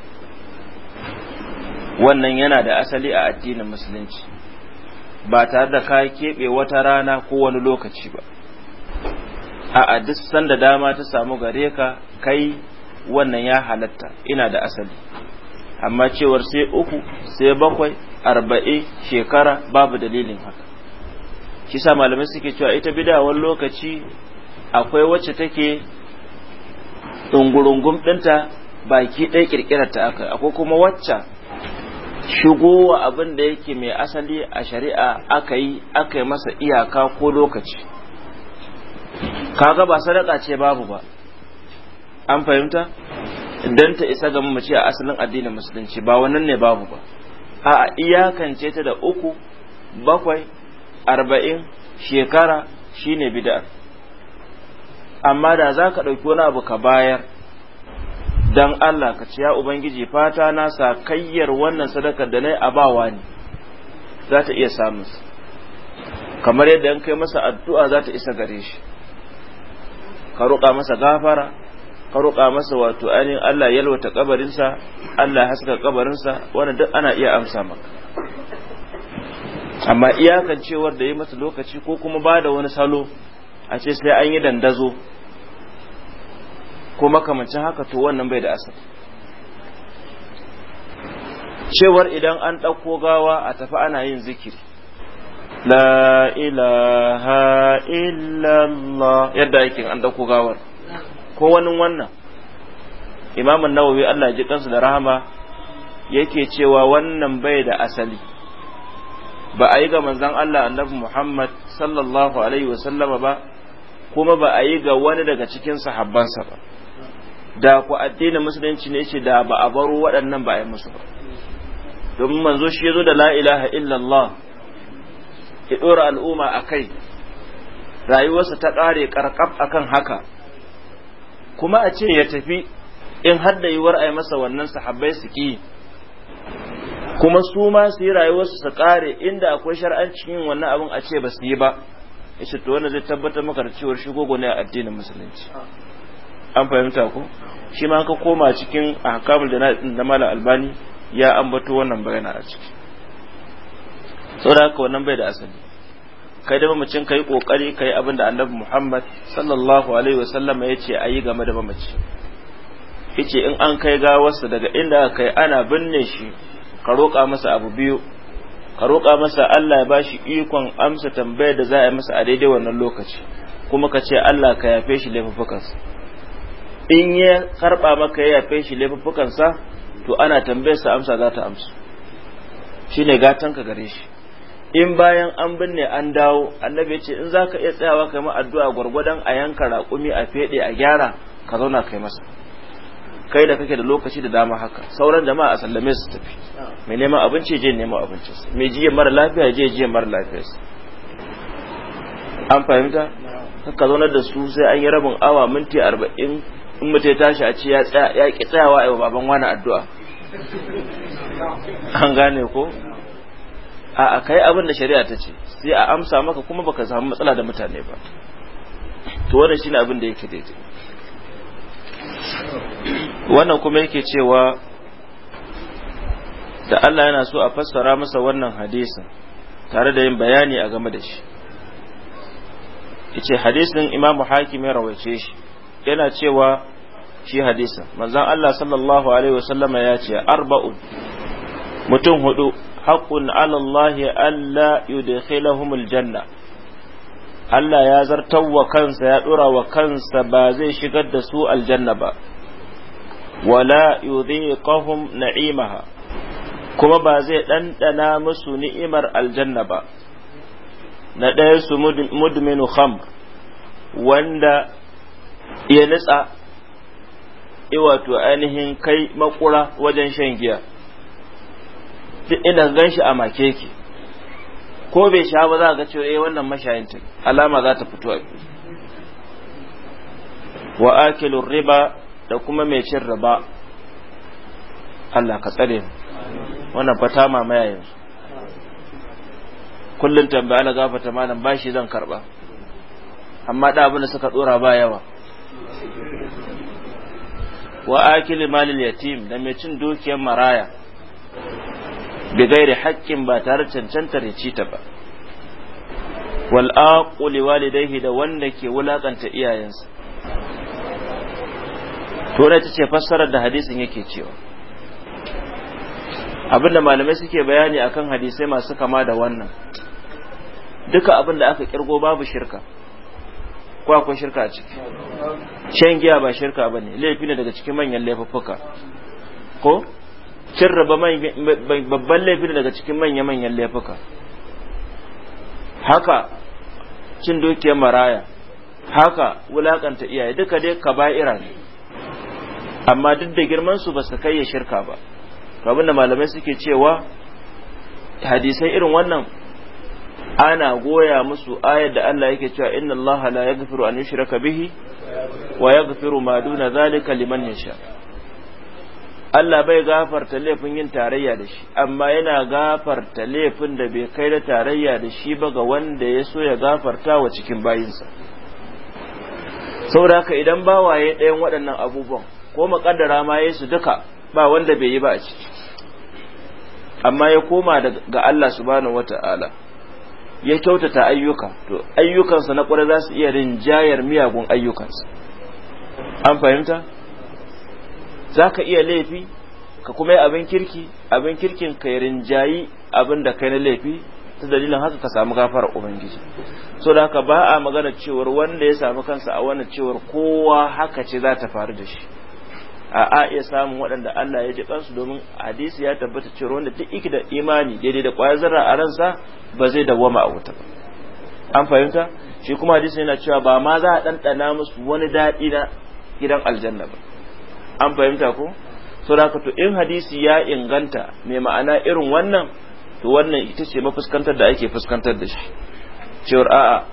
wannan yana da asali a addinin musulunci ba tare da ka keɓe wata rana ko wani lokaci ba a duk sanda dama ta samu gare ka kai wannan ya halatta ina da asali amma cewar sai uku sai bakwai arba'in shekara babu dalilin haka shi sa malamai suke cewa ita bida wani lokaci akwai wacce take ɗungurungun ɗinta baki ɗaya ƙirƙirar ta aka akwai kuma wacce shigo wa abin da yake mai asali a shari'a aka yi aka yi masa iyaka ko lokaci kaga ba sadaka ce babu ba an fahimta idan ta isa ga ce a asalin addinin musulunci ba wannan ne babu ba a iyakance ta da uku bakwai arba'in shekara shine bid'a amma da za ka ɗauki wani abu ka bayar dan Allah ka ce ya ubangiji fata na sa kayyar wannan sadakar da nayi abawa ne za ta iya samun kamar yadda an kai masa addu'a za ta isa gare shi ka roƙa masa gafara ka roƙa masa wato ainihin Allah yalwata kabarinsa Allah haska kabarinsa wanda duk ana iya amsa maka amma iyakan cewar da yi masa lokaci ko kuma bada wani salo a ce sai an yi dandazo ko makamancin haka to wannan bai da asali cewar idan an ɗauko gawa a tafi ana yin zikiri la ilaha illallah yadda yake an ɗauko gawar ko wani wannan imamun nawawi Allah ji kansu da rahama yake cewa wannan bai da asali ba a yi ga manzan Allah annabi Muhammad sallallahu alaihi wasallama ba kuma ba a yi ga wani daga cikin sahabbansa ba da ku addinin musulunci ne ce da ba a baro waɗannan ba a yi musu ba domin manzo shi yazo da la ilaha illallah ya ɗora al'umma a kai rayuwarsa ta kare ƙarƙaf akan haka kuma a ce ya tafi in har da yiwuwar a masa wannan sahabbai su ki kuma su ma su yi rayuwarsu su ƙare inda akwai shar'ancin yin wannan abin a ce ba su yi ba ya ce to wanda zai tabbatar maka da cewar shi gogo ne a addinin musulunci an fahimta ko shi ma ka koma cikin ahkamul da na mala albani ya ambato wannan bayana a ciki saboda ka wannan bai da asali kai da mamacin kai kokari kai abin da annabi Muhammad sallallahu alaihi wa sallam ya ce ayi game da mamaci yace in an kai gawarsa daga inda kai ana binne shi ka roƙa masa abu biyu ka roƙa masa Allah ya bashi ikon amsa tambayar da za a yi masa a daidai wannan lokaci kuma ka ce Allah ka yafe shi laifukansa in ya karba maka ya yafe shi laifuffukansa to ana tambayar sa amsa za ta amsa shine gatan ka gare shi in bayan an binne an dawo annabi ce in zaka iya tsayawa kai ma addu'a gwargwadon a yanka raƙumi a fede a gyara ka zauna kai masa kai da kake da lokaci da dama haka sauran jama'a a sallame su tafi mai neman abinci je neman abincin mai jiye mara lafiya je jiye mara lafiya an fahimta haka zaunar da su sai an yi rabin awa minti arba'in in mutum ya tashi a ce ya ki tsayawa a baban wani addu'a an gane ko a kai abin da shari'a ta ce sai a amsa maka kuma baka samu matsala da mutane ba to wannan shine abin da yake daidai wannan kuma yake cewa da Allah yana so a fassara masa wannan hadisin tare da yin bayani a game da shi yace hadisin Imam Hakim ya rawaice shi yana cewa shi hadisin manzon Allah sallallahu alaihi wasallama ya ce arba'un mutum hudu haqqun ala Allah alla yudkhilahumul janna Allah ya zartar wa kansa ya ɗura wa kansa ba zai shigar da su aljanna ba wala yudhiqahum na'imaha kuma ba zai ɗanɗana musu ni'imar aljanna ba na ɗaya su mudminu kham wanda ya nutsa wato ainihin kai makura wajen shan giya duk ina gan shi a make yake ko bai sha ba za ga cewa eh wannan mashayin ta alama za ta fito a wa akilur riba da kuma mai cin riba Allah ka tsare mu wannan fata mamaya yanzu kullum tambaya na gafata malam bashi zan karba amma da abin da suka dora ba yawa wa akili malil yatim da mai cin dukiyar maraya bi gairi haƙƙin ba tare cancanta ya ci ta ba wal aquli walidaihi da wanda ke wulakanta iyayensa to da tace fassarar da hadisin yake cewa abinda malamai suke bayani akan hadisai masu kama da wannan duka abin da aka kirgo babu shirka ko akwai shirka a ciki shan giya ba shirka ba ne laifi ne daga cikin manyan laifuffuka ko cin raba babban laifi ne daga cikin manya-manyan laifuka haka cin dukiyar maraya haka wulakanta iyaye duka dai kaba'ira ne amma duk da girman su ba su kai ya shirka ba abinda malamai suke cewa hadisai irin wannan ana goya musu ayar da Allah yake cewa inna Allah la yaghfiru an yushraka bihi wa yaghfiru ma duna zalika liman yasha Allah bai gafarta laifin yin tarayya da shi amma yana gafarta laifin da bai kai da tarayya da shi ba ga wanda ya so ya gafarta wa cikin bayinsa saboda haka idan bawaye ɗayan waɗannan abubuwan ko makaddara ma yesu duka ba wanda bai yi ba a ciki amma ya koma ga Allah subhanahu wata'ala ya kyautata ayyuka to ayyukansa na kwarai za su iya rinjayar miyagun ayyukansa an fahimta za ka iya laifi ka kuma yi abin kirki abin kirkin ka ya rinjayi abin da kai na laifi ta dalilin haka ka samu gafarar ubangiji so da haka ba a magana cewar wanda ya samu kansa a wannan cewar kowa haka ce za ta faru da shi a iya samun waɗanda Allah ya ji su domin hadisi ya tabbata cewa wanda duk iki da imani daidai da ƙwayar zarra a ransa ba zai dawwama a wuta an fahimta shi kuma hadisi yana cewa ba ma za a ɗanɗana musu wani daɗi na gidan aljanna ba an fahimta ko saboda to in hadisi ya inganta mai ma'ana irin wannan to wannan ita ce mafuskantar da ake fuskantar da shi cewar a'a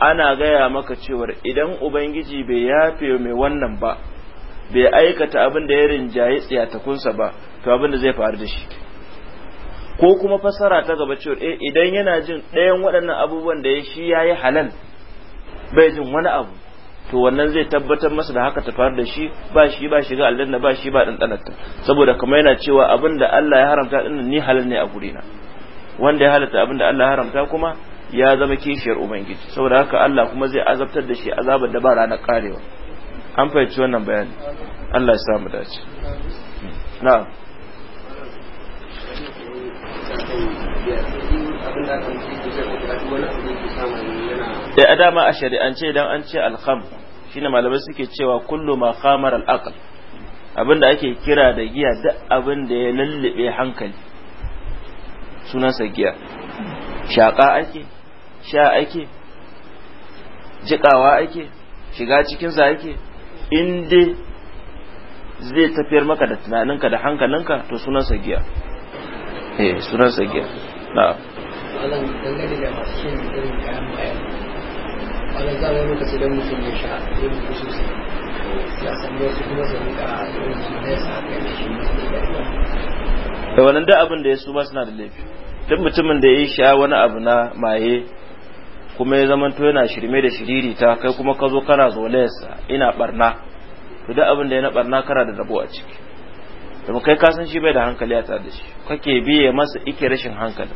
ana gaya maka cewar idan ubangiji bai yafe mai wannan ba bai aikata abin da ya rinjaye tsiyatakunsa ba to abin da zai faru da shi ko kuma fasara ta gaba cewa eh idan yana jin ɗayan waɗannan abubuwan da ya shi yayi halal bai jin wani abu to wannan zai tabbatar masa da haka ta faru da shi ba shi ba shiga aljanna ba shi ba dandanarta saboda kamar yana cewa abin da Allah ya haramta din ni halal ne a gurina wanda ya halatta abin da Allah ya haramta kuma ya zama kishiyar ubangiji saboda haka Allah kuma zai azabtar da shi azabar da ba ranar karewa an fahimci wannan bayani Allah ya samu dace na da eh, a dama a shari'ance idan an ce alham shine malamai suke cewa kullum ma khamar al abinda ake kira da giya duk abin da ya lullube hankali sunansa giya shaƙa ake sha ake jiƙawa ake shiga cikinsa ake in dai zai tafiyar maka da tunaninka da hankalinka to sa giya eh sa giya na wannan dangane da masu shan irin kayan bayan wannan zamanin lokaci don mutum ya sha irin sai ya sami wasu kuma su rika irin su sa a kan shi da eh, wannan da abin da ya suma ba suna da laifi duk mutumin da ya yi sha wani abu na maye kuma ya zama to yana shirme da shiriri ta kai kuma ka zo kana zolensa ina barna to duk abin da ya na barna kana da rabo a ciki da kai ka san shi bai da hankali a tare da shi kake biye masa ike rashin hankali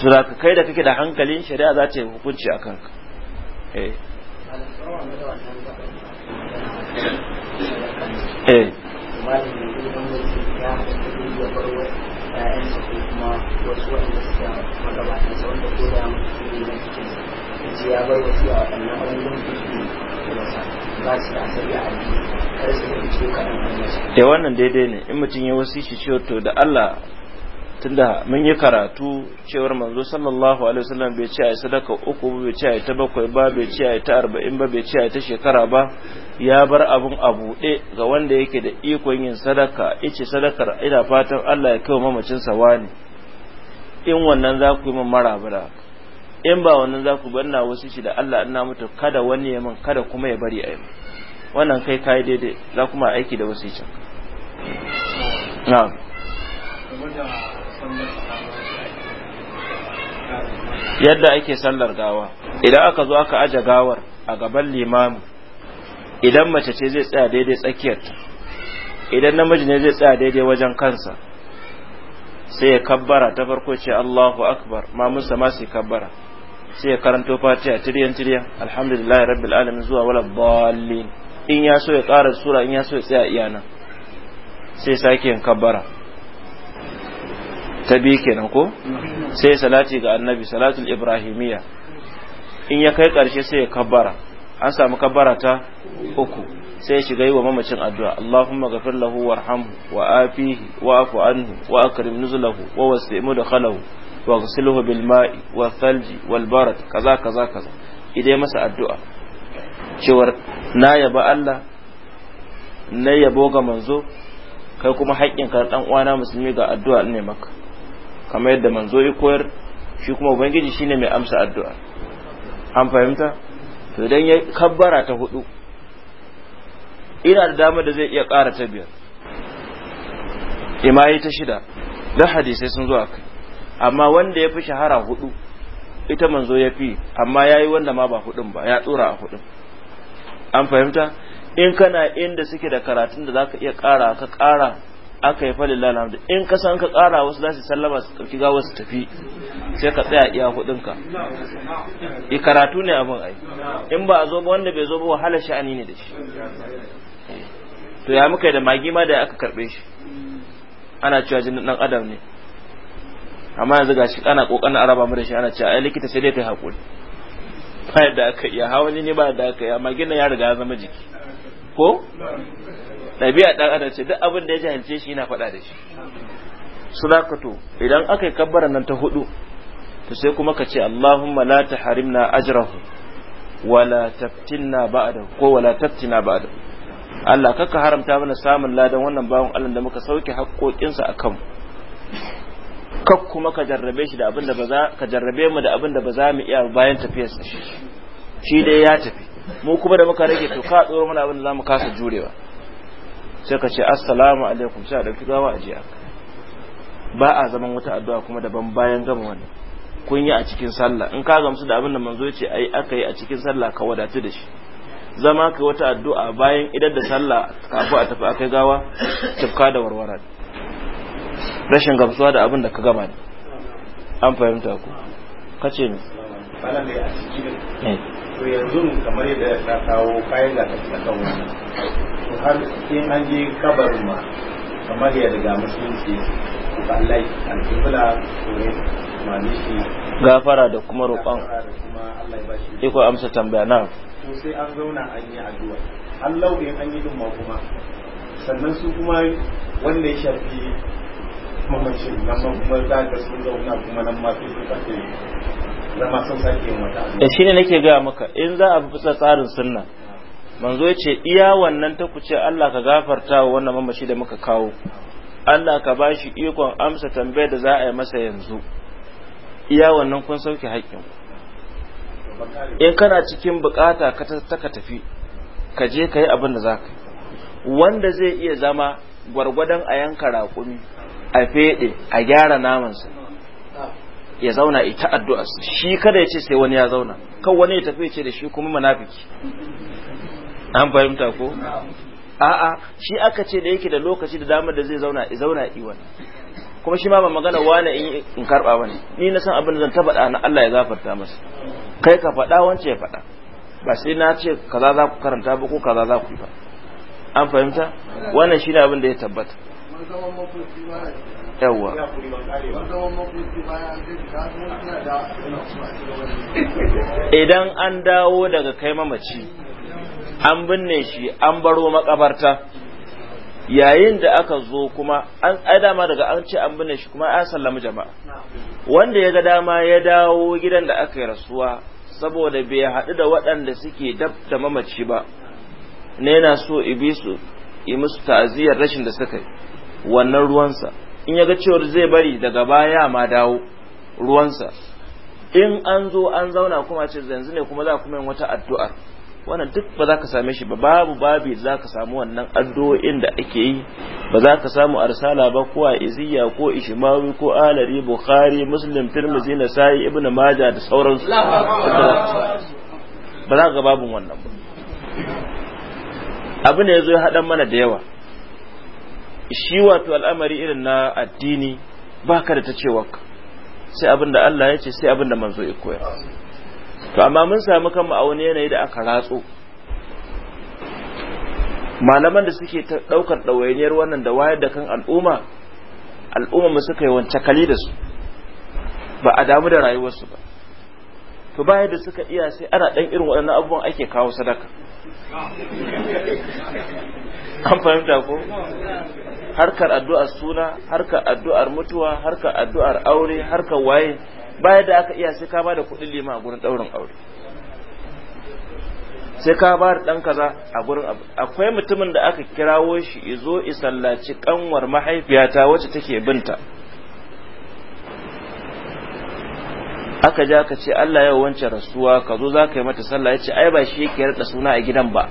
su da ka kai da kake da hankalin shari'a za ta yi hukunci a kanka eh eh ƴaƴansa ko kuma wasu waɗanda suka magabatansa wanda ko da mutu ne na cikin da yanzu ya bar wasu a waɗannan abubuwan da su ba su da asali a addini kar su da kaɗan hanyar da eh, wannan daidai ne in mutum ya wasu shi ciwo to da Allah tunda mun yi karatu cewar manzo sallallahu alaihi wasallam bai ce ai sadaka uku bai ce ai ta bakwai ba bai ce ai ta arba'in ba bai ce ai ta shekara ba ya bar abun a buɗe ga wanda yake da ikon yin sadaka ice sadakar ina fatan Allah ya kai mamacin sa wani in wannan za ku yi min marabara in ba wannan za ku banna wasu shi da Allah ina mutu kada wani ya min kada kuma ya bari yi wannan kai kai daidai za kuma aiki da wasu can na'am yadda ake sallar gawa idan aka zo aka aje gawar a gaban limamu idan mace ce zai tsaya daidai tsakiyarta idan namiji ne zai tsaya daidai wajen kansa sai ya kabbara ta farko ce Allahu akbar mamunsa ma sai kabbara sai ya karanto fatiha tiryan tiryan alhamdulillahi rabbil alamin zuwa wala dallin in ya so ya ƙara sura in ya so ya tsaya iyana sai sake yin kabbara ta biyu kenan ko sai salati ga annabi salatul ibrahimiyya in ya kai karshe sai ya kabbara an samu kabbara ta uku sai ya shiga yi wa mamacin addu'a Allahumma gafir lahu warhamhu wa afihi wa afu anhu wa akrim nuzulahu wa wasimu da khalahu wa ghsilhu bil ma'i wa thalji wal barad kaza kaza kaza idai masa addu'a cewar na yaba Allah na yabo ga manzo kai kuma haƙƙin ka dan uwana musulmi ga addu'a ne maka kamar yadda manzo ya koyar shi kuma ubangiji shine mai amsa addu'a an fahimta to idan ya kabbara ta hudu ina da dama da zai iya ƙara ta biyar imayi ta shida da hadisai sun zo kai amma wanda ya fi shahara hudu ita manzo ya fi amma ya yi wanda ma ba hudun ba ya tsura a hudun an fahimta in kana inda suke da karatun da za ka iya ƙara ka ƙara aka yi falin lalhamdu in ka san ka kara wasu za su sallama su ɗauki gawa su tafi sai ka tsaya iya hudunka i eh, karatu ne abin ai in ba a zo ba wanda bai zo ba wahala sha'ani ne da shi eh, to ya muka da magi ma da aka karbe shi ana cewa jinin nan adam ne amma yanzu ga shi kana ƙoƙarin araba mu da shi ana cewa ai likita sai dai kai haƙuri ba da aka iya hawani ne ba da aka iya magin nan ya riga ya zama jiki ko ɗabi'a ɗan adam ce duk abin da ya jahilce shi yana faɗa da shi sadaqatu idan aka yi kabbara nan ta hudu to sai kuma ka ce Allahumma la tahrimna ajrahu wala taftinna ba'da ko wala taftina ba'da Allah kaka haramta mana samun ladan wannan bawon Allah da muka sauke haƙƙoƙinsa a kanmu kak kuma ka jarrabe shi da abin da ba za ka jarrabe mu da abin da ba za mu iya bayan tafiyarsa shi dai ya tafi mu kuma da muka rage to ka tsoro mana abin da za mu kasa jurewa sai ka ce assalamu alaikum sai a ɗauki gawa a jiya ba a zaman wata addu'a kuma daban bayan gama wannan kun yi a cikin sallah in ka gamsu da abin da manzo ya ce ai aka yi a cikin sallah ka wadatu da shi zama ka wata addu'a bayan idan da sallah kafin a tafi akai gawa tafka da warwara rashin gamsuwa da abin da ka gama ne an fahimta ku kace ne eh. to yanzu kamar yadda ta kawo kayan da ka kan wani to har in an je kabarin ma kamar yadda ga musulunci ko kallai alƙibla ko manishi gafara da kuma roƙon iko amsa tambaya na to sai an zauna an yi addu'a An in an yi din ma kuma sannan su kuma wanda ya shafi mamacin nan kuma za ka sun zauna kuma nan ma sai su zama sun sake nake gaya maka in za a bi bisa tsarin sunna manzo ya ce iya wannan ta kuce Allah ka gafarta wa wannan mamashi da muka kawo Allah ka ba shi ikon amsa tambayar da za a yi masa yanzu iya wannan kun sauke haƙƙin in kana cikin bukata ka ta ka tafi ka je ka yi abin da za ka wanda zai iya zama gwargwadon a yanka raƙumi a feɗe a gyara namansa ya zauna ita addu'a shi kada ya ce sai wani ya zauna kan wani ya tafi ya ce da shi kuma munafiki an fahimta ko a'a shi aka ce da yake da lokaci da damar da zai zauna ya zauna yi wani kuma shi ma ba magana wani in in karba bane ni na san abin da zan ta faɗa na Allah ya gafarta masa kai ka faɗa wance ya faɗa ba sai na ce kaza za ku karanta ba ko kaza za ku yi ba an fahimta wannan shine abin da ya tabbata idan an dawo daga kai mamaci an binne shi an baro makabarta yayin da aka zo kuma an dama daga an ce an binne shi kuma an sallama jama'a wanda ya ga dama ya dawo gidan da aka yi rasuwa saboda bai haɗu da waɗanda suke dab da mamaci ba na yana so ibisu yi musu ta'aziyar rashin da suka yi wannan ruwansa in ya ga cewar zai bari daga baya ma dawo ruwansa in an zo an zauna kuma ce yanzu ne kuma za kuma yin wata addu'a wannan duk ba za ka same shi ba babu babi za ka samu wannan addu'o'in da ake yi ba za ka samu arsala ba ko iziya ko ishimawi ko alari bukhari muslim tirmidhi nasai ibnu majah da sauransu ba za ka ga wannan ba abu ne yazo ya hadan mana da yawa shi wato al'amari irin na addini baka da ta cewa sai abin da Allah ya ce sai abin da manzo ya koya to amma mun samu kanmu a wani yanayi da aka ratso malaman da suke daukar ɗawainiyar wannan da wayar da kan al'umma al'umma mu suka yi wance kali da su ba a damu da rayuwarsu ba to baya da suka iya sai ana dan irin waɗannan abubuwan ake kawo sadaka an fahimta ko harkar addu'ar suna harkar addu'ar mutuwa harka addu'ar aure harkar waye baya da aka iya sai ka bada kuɗin lima a gurin ɗaurin aure sai ka ba dan kaza a gurin akwai mutumin da aka kirawo shi izo isallaci kanwar mahaifiyata wacce take binta aka ja ka ce Allah yau wancan rasuwa ka zo za ka yi mata sallah ya ce ai ba shi yake rada suna a gidan ba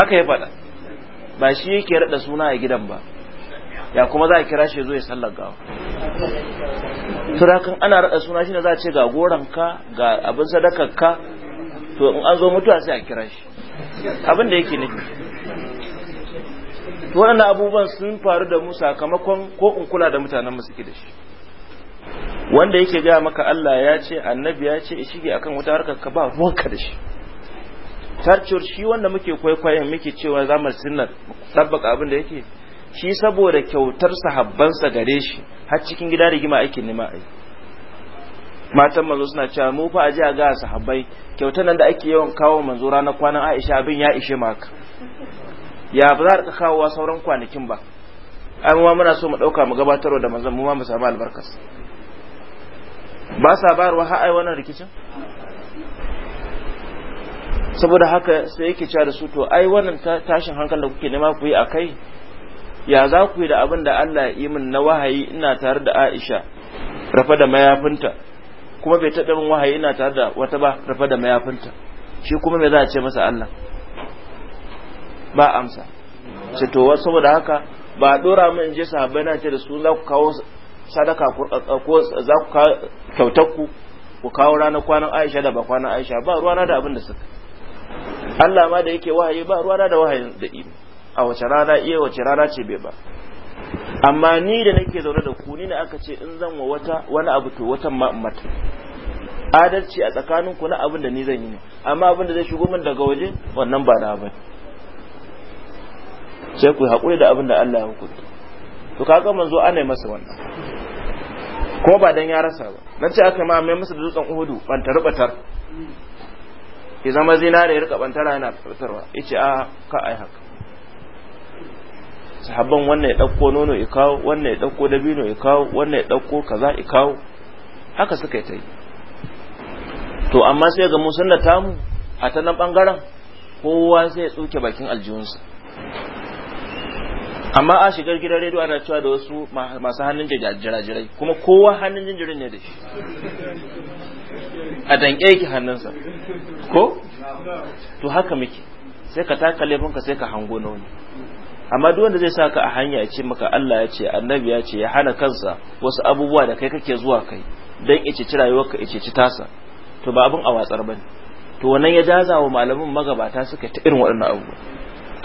haka ya faɗa ba shi yake rada suna a gidan ba ya kuma za a kira shi zo ya sallar gawa turakan ana rada suna shi ne za a ce ga ka ga abin ka to in an zo mutuwa sai a kira shi abin da yake nufi to waɗannan abubuwan sun faru da mu sakamakon ko in kula da mutanen mu suke da shi wanda yake gaya maka Allah ya ce annabi ya ce shige akan wata harkar ka ba ruwanka da shi tarciyar shi wanda muke kwaikwayon muke cewa mu sinna, sabbaka abin da yake shi saboda kyautar sahabbansa gare shi har cikin gida rigima ake nema ai matan manzo suna cewa mu fa aje a ga sahabbai kyautar nan da ake yawan kawo manzo ranar kwanan Aisha abin ya ishe maka ya ba za a kawowa sauran kwanakin ba an ma muna so mu dauka mu gabatarwa da manzon mu ma mu samu albarkas ba sa bayarwa har ai wannan rikicin saboda haka sai yake cewa da su to ai wannan tashin hankali da kuke nema ku yi akai ya za ku yi da abin da Allah ya yi min na wahayi ina tare da Aisha rafa da mayafinta kuma bai taɓa min wahayi ina tar da wata ba rafa da mayafinta shi kuma me za a ce masa Allah ba amsa ce to saboda haka ba dora min in je sahabbai na ce da su za ku kawo sadaka ko za ku kawo kyautar ku ku kawo ranar kwanan Aisha da ba kwanan Aisha ba ruwana da abin da suka Allah ma da yake wahayi ba ruwana da wahayin da ibi a wace rana iya wace rana ce bai ba amma ni da nake zaune da ku ni ne aka ce in zan wa wata wani abu to watan ma mata adalci a tsakanin ku na abin da ni zan yi ne amma abin da zai shigo min daga waje wannan ba na abin sai ku haƙuri da abin da Allah ya hukunta to kaga manzo ana masa wannan ko ba dan ya rasa ba nan ce aka ma mai masa da dutsen Uhudu bantar batar ki zama zinare ya rika bantara yana fitarwa yace a ka ai haka sahabban wannan ya dauko nono ya kawo wannan ya dauko dabino ya kawo wannan ya dauko kaza ya kawo haka suka yi ta yi to amma sai ga musan da tamu a ta bangaren kowa sai ya tsoke bakin aljihunsa amma a shigar gidan rediyo ana cewa da wasu masu hannun jirajirai kuma kowa hannun jinjirin ne da shi a danƙe yake hannunsa ko to haka muke sai ka taka laifinka sai ka hango na wani amma duk wanda zai saka a hanya ya ce maka Allah ya ce annabi ya ce ya hana kansa wasu abubuwa da kai kake zuwa kai dan ice ci rayuwarka ice ci tasa to ba abin a watsar bane to wannan ya jaza wa malamin magabata suka ta irin waɗannan abubuwa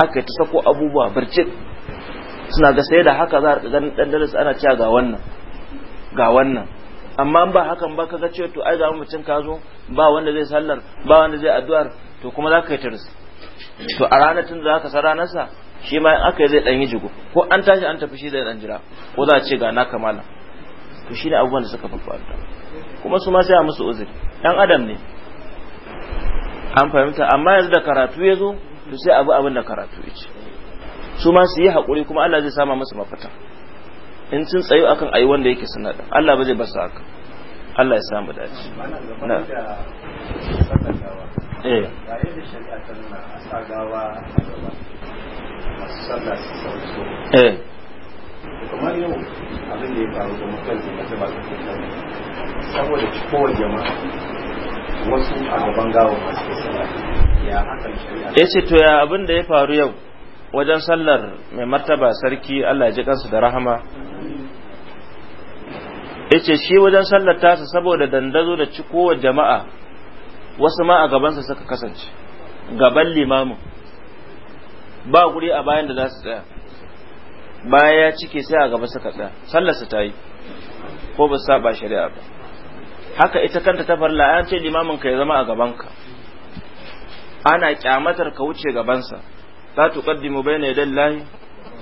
aka ta sako abubuwa barci. suna ga sai da haka za a ganin dan dalis ana cewa ga wannan ga wannan amma ba hakan ba kaga cewa to ai ga mutum ka zo ba wanda zai sallar ba wanda zai addu'ar to kuma za ka yi tirs to a ranar tun da za ka sa ranarsa shi ma in aka yi zai dan yi jigo ko an tashi an tafi shi zai dan jira ko za a ce ga na kamala to shi ne abubuwan da suka faɗa kuma su ma sai a musu uzuri dan adam ne an fahimta amma yanzu da karatu ya zo to sai abu abin da karatu ya ce su ma su yi haƙuri kuma Allah zai sama masa mafata in sun tsayo akan ayi wanda yake suna da Allah ba zai basu haka Allah ya samu dace na eh eh kamar yau abin da ya faru da mutum da ta ba saboda kowa jama'a wasu a gaban gawa masu ya hakan shari'a ya ce to ya abin da ya faru yau wajen sallar mai martaba sarki Allah ji kansu da rahama yace shi wajen sallar tasa saboda dandazo da cikowa jama'a wasu ma a gabansa suka kasance gaban limamin ba guri a bayan da za su tsaya baya ya cike sai a gaba suka tsaya sallar su ta yi ko ba saba shari'a ba haka ita kanta ta farla an ce limamin ka ya zama a gabanka ana kyamatar ka wuce gabansa la tuqaddimu bayna yaday llahi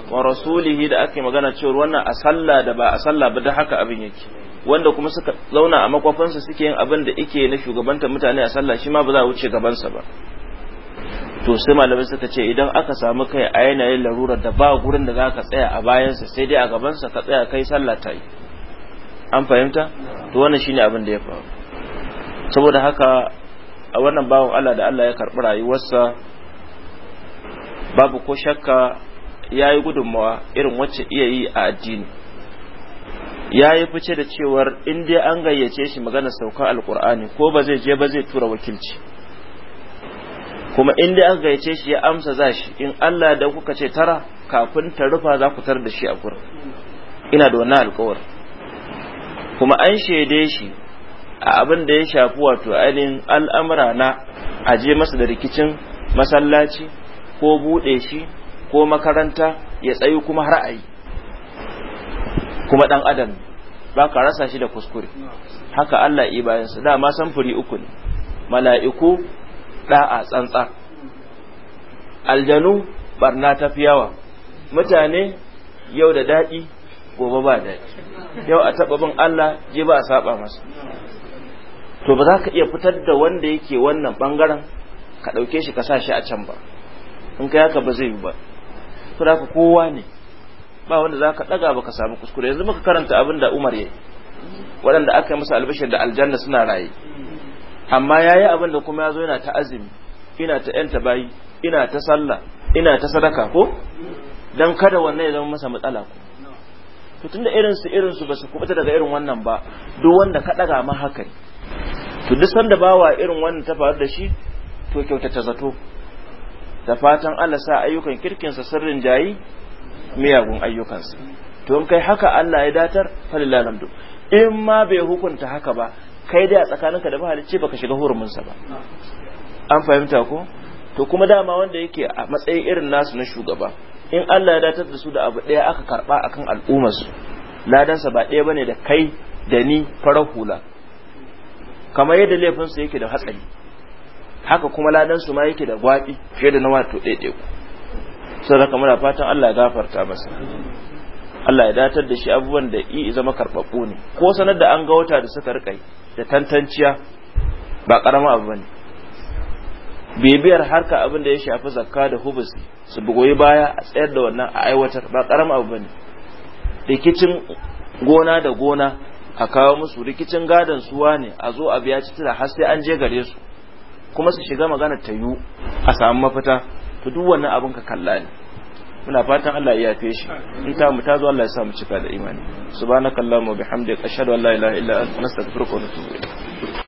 wa rasulihi da ake magana cewa wannan a sallah da ba a sallah ba da haka abin yake wanda kuma suka zauna a makwafansa suke yin abin da yake na shugabantar mutane a sallah shi ma ba za a wuce gabansa ba to sai malamai suka ce idan aka samu kai a yanayin larurar da ba gurin da za ka tsaya a bayansa sai dai a gabansa ka tsaya kai sallah ta yi an fahimta to wannan shine abin da ya faru saboda haka a wannan bawan Allah da Allah ya karɓi rayuwarsa babu ko shakka ya yi gudunmawa irin wacce iya yi a addini ya yi fice da cewar in dai an gayyace shi magana sauka alkur'ani ko ba zai je ba zai tura wakilci kuma in dai an gayyace shi ya amsa za shi in Allah da kuka ce tara kafin ta rufa za ku tar da shi a ina da wannan alkawar kuma an shaide shi a abin da ya shafi wato ainihin al'amura na a je masa da rikicin masallaci ko buɗe shi ko makaranta ya tsayi kuma har ayi kuma ɗan adam ba ka rasa shi da kuskure haka Allah yi su dama samfuri uku ne mala'iku ɗa'a tsantsa aljanu barna ta fi yawa mutane yau da daɗi gobe ba daɗi yau a taɓa bin Allah je ba a saba masa to ba za ka iya fitar da wanda yake wannan bangaren ka ɗauke shi ka sa shi a can ba in kai haka ba zai yi ba to da kowa ne ba wanda za ka ɗaga ba ka samu kuskure yanzu muka karanta abin da umar ya waɗanda aka yi masa albashin da aljanna suna raye amma ya yi abin da kuma ya zo yana ta azumi ina ta yanta bayi ina ta sallah ina ta sadaka ko don kada wannan ya zama masa matsala ko to tunda irin su irin su ba su kubuta daga irin wannan ba duk wanda ka ɗaga ma haka to duk sanda bawa irin wannan ta faru da shi to kyautata zato da fatan Allah sa ayyukan kirkinsa sirrin jayi miyagun ayyukansa to in kai haka Allah ya datar falilal hamdu in ma bai hukunta haka ba kai dai a tsakaninka da mahalicci baka shiga huruminsa ba an fahimta ko to kuma dama wanda yake a matsayin irin nasu na shugaba in Allah ya datar da su da abu ɗaya aka karɓa akan al'ummar su ladansa ba ɗaya bane da kai da ni farar hula kamar yadda laifinsu yake da hatsari haka kuma ladan su ma yake da gwabi fiye da na wato ku sai da kamar fatan Allah ya gafarta masa Allah ya datar da shi abubuwan da i zama karɓaɓɓu ne ko sanar da an ga wata da suka rikai da tantanciya ba ƙarama abu bane bibiyar harka abin da ya shafi zakka da hubus su bugoyi baya a tsayar da wannan a aiwatar ba ƙarama abu bane rikicin gona da gona a kawo musu rikicin gadon suwa ne a zo a biya ci har sai an je gare su kuma su shiga magana ta yiwu a samu mafita to duk wannan abin ka kalla ne muna fatan Allah ya yafe shi in ta mu ta zo Allah ya sa mu cika da imani subhanakallahumma bihamdika ashhadu an la ilaha illa anta astaghfiruka wa atubu ilayk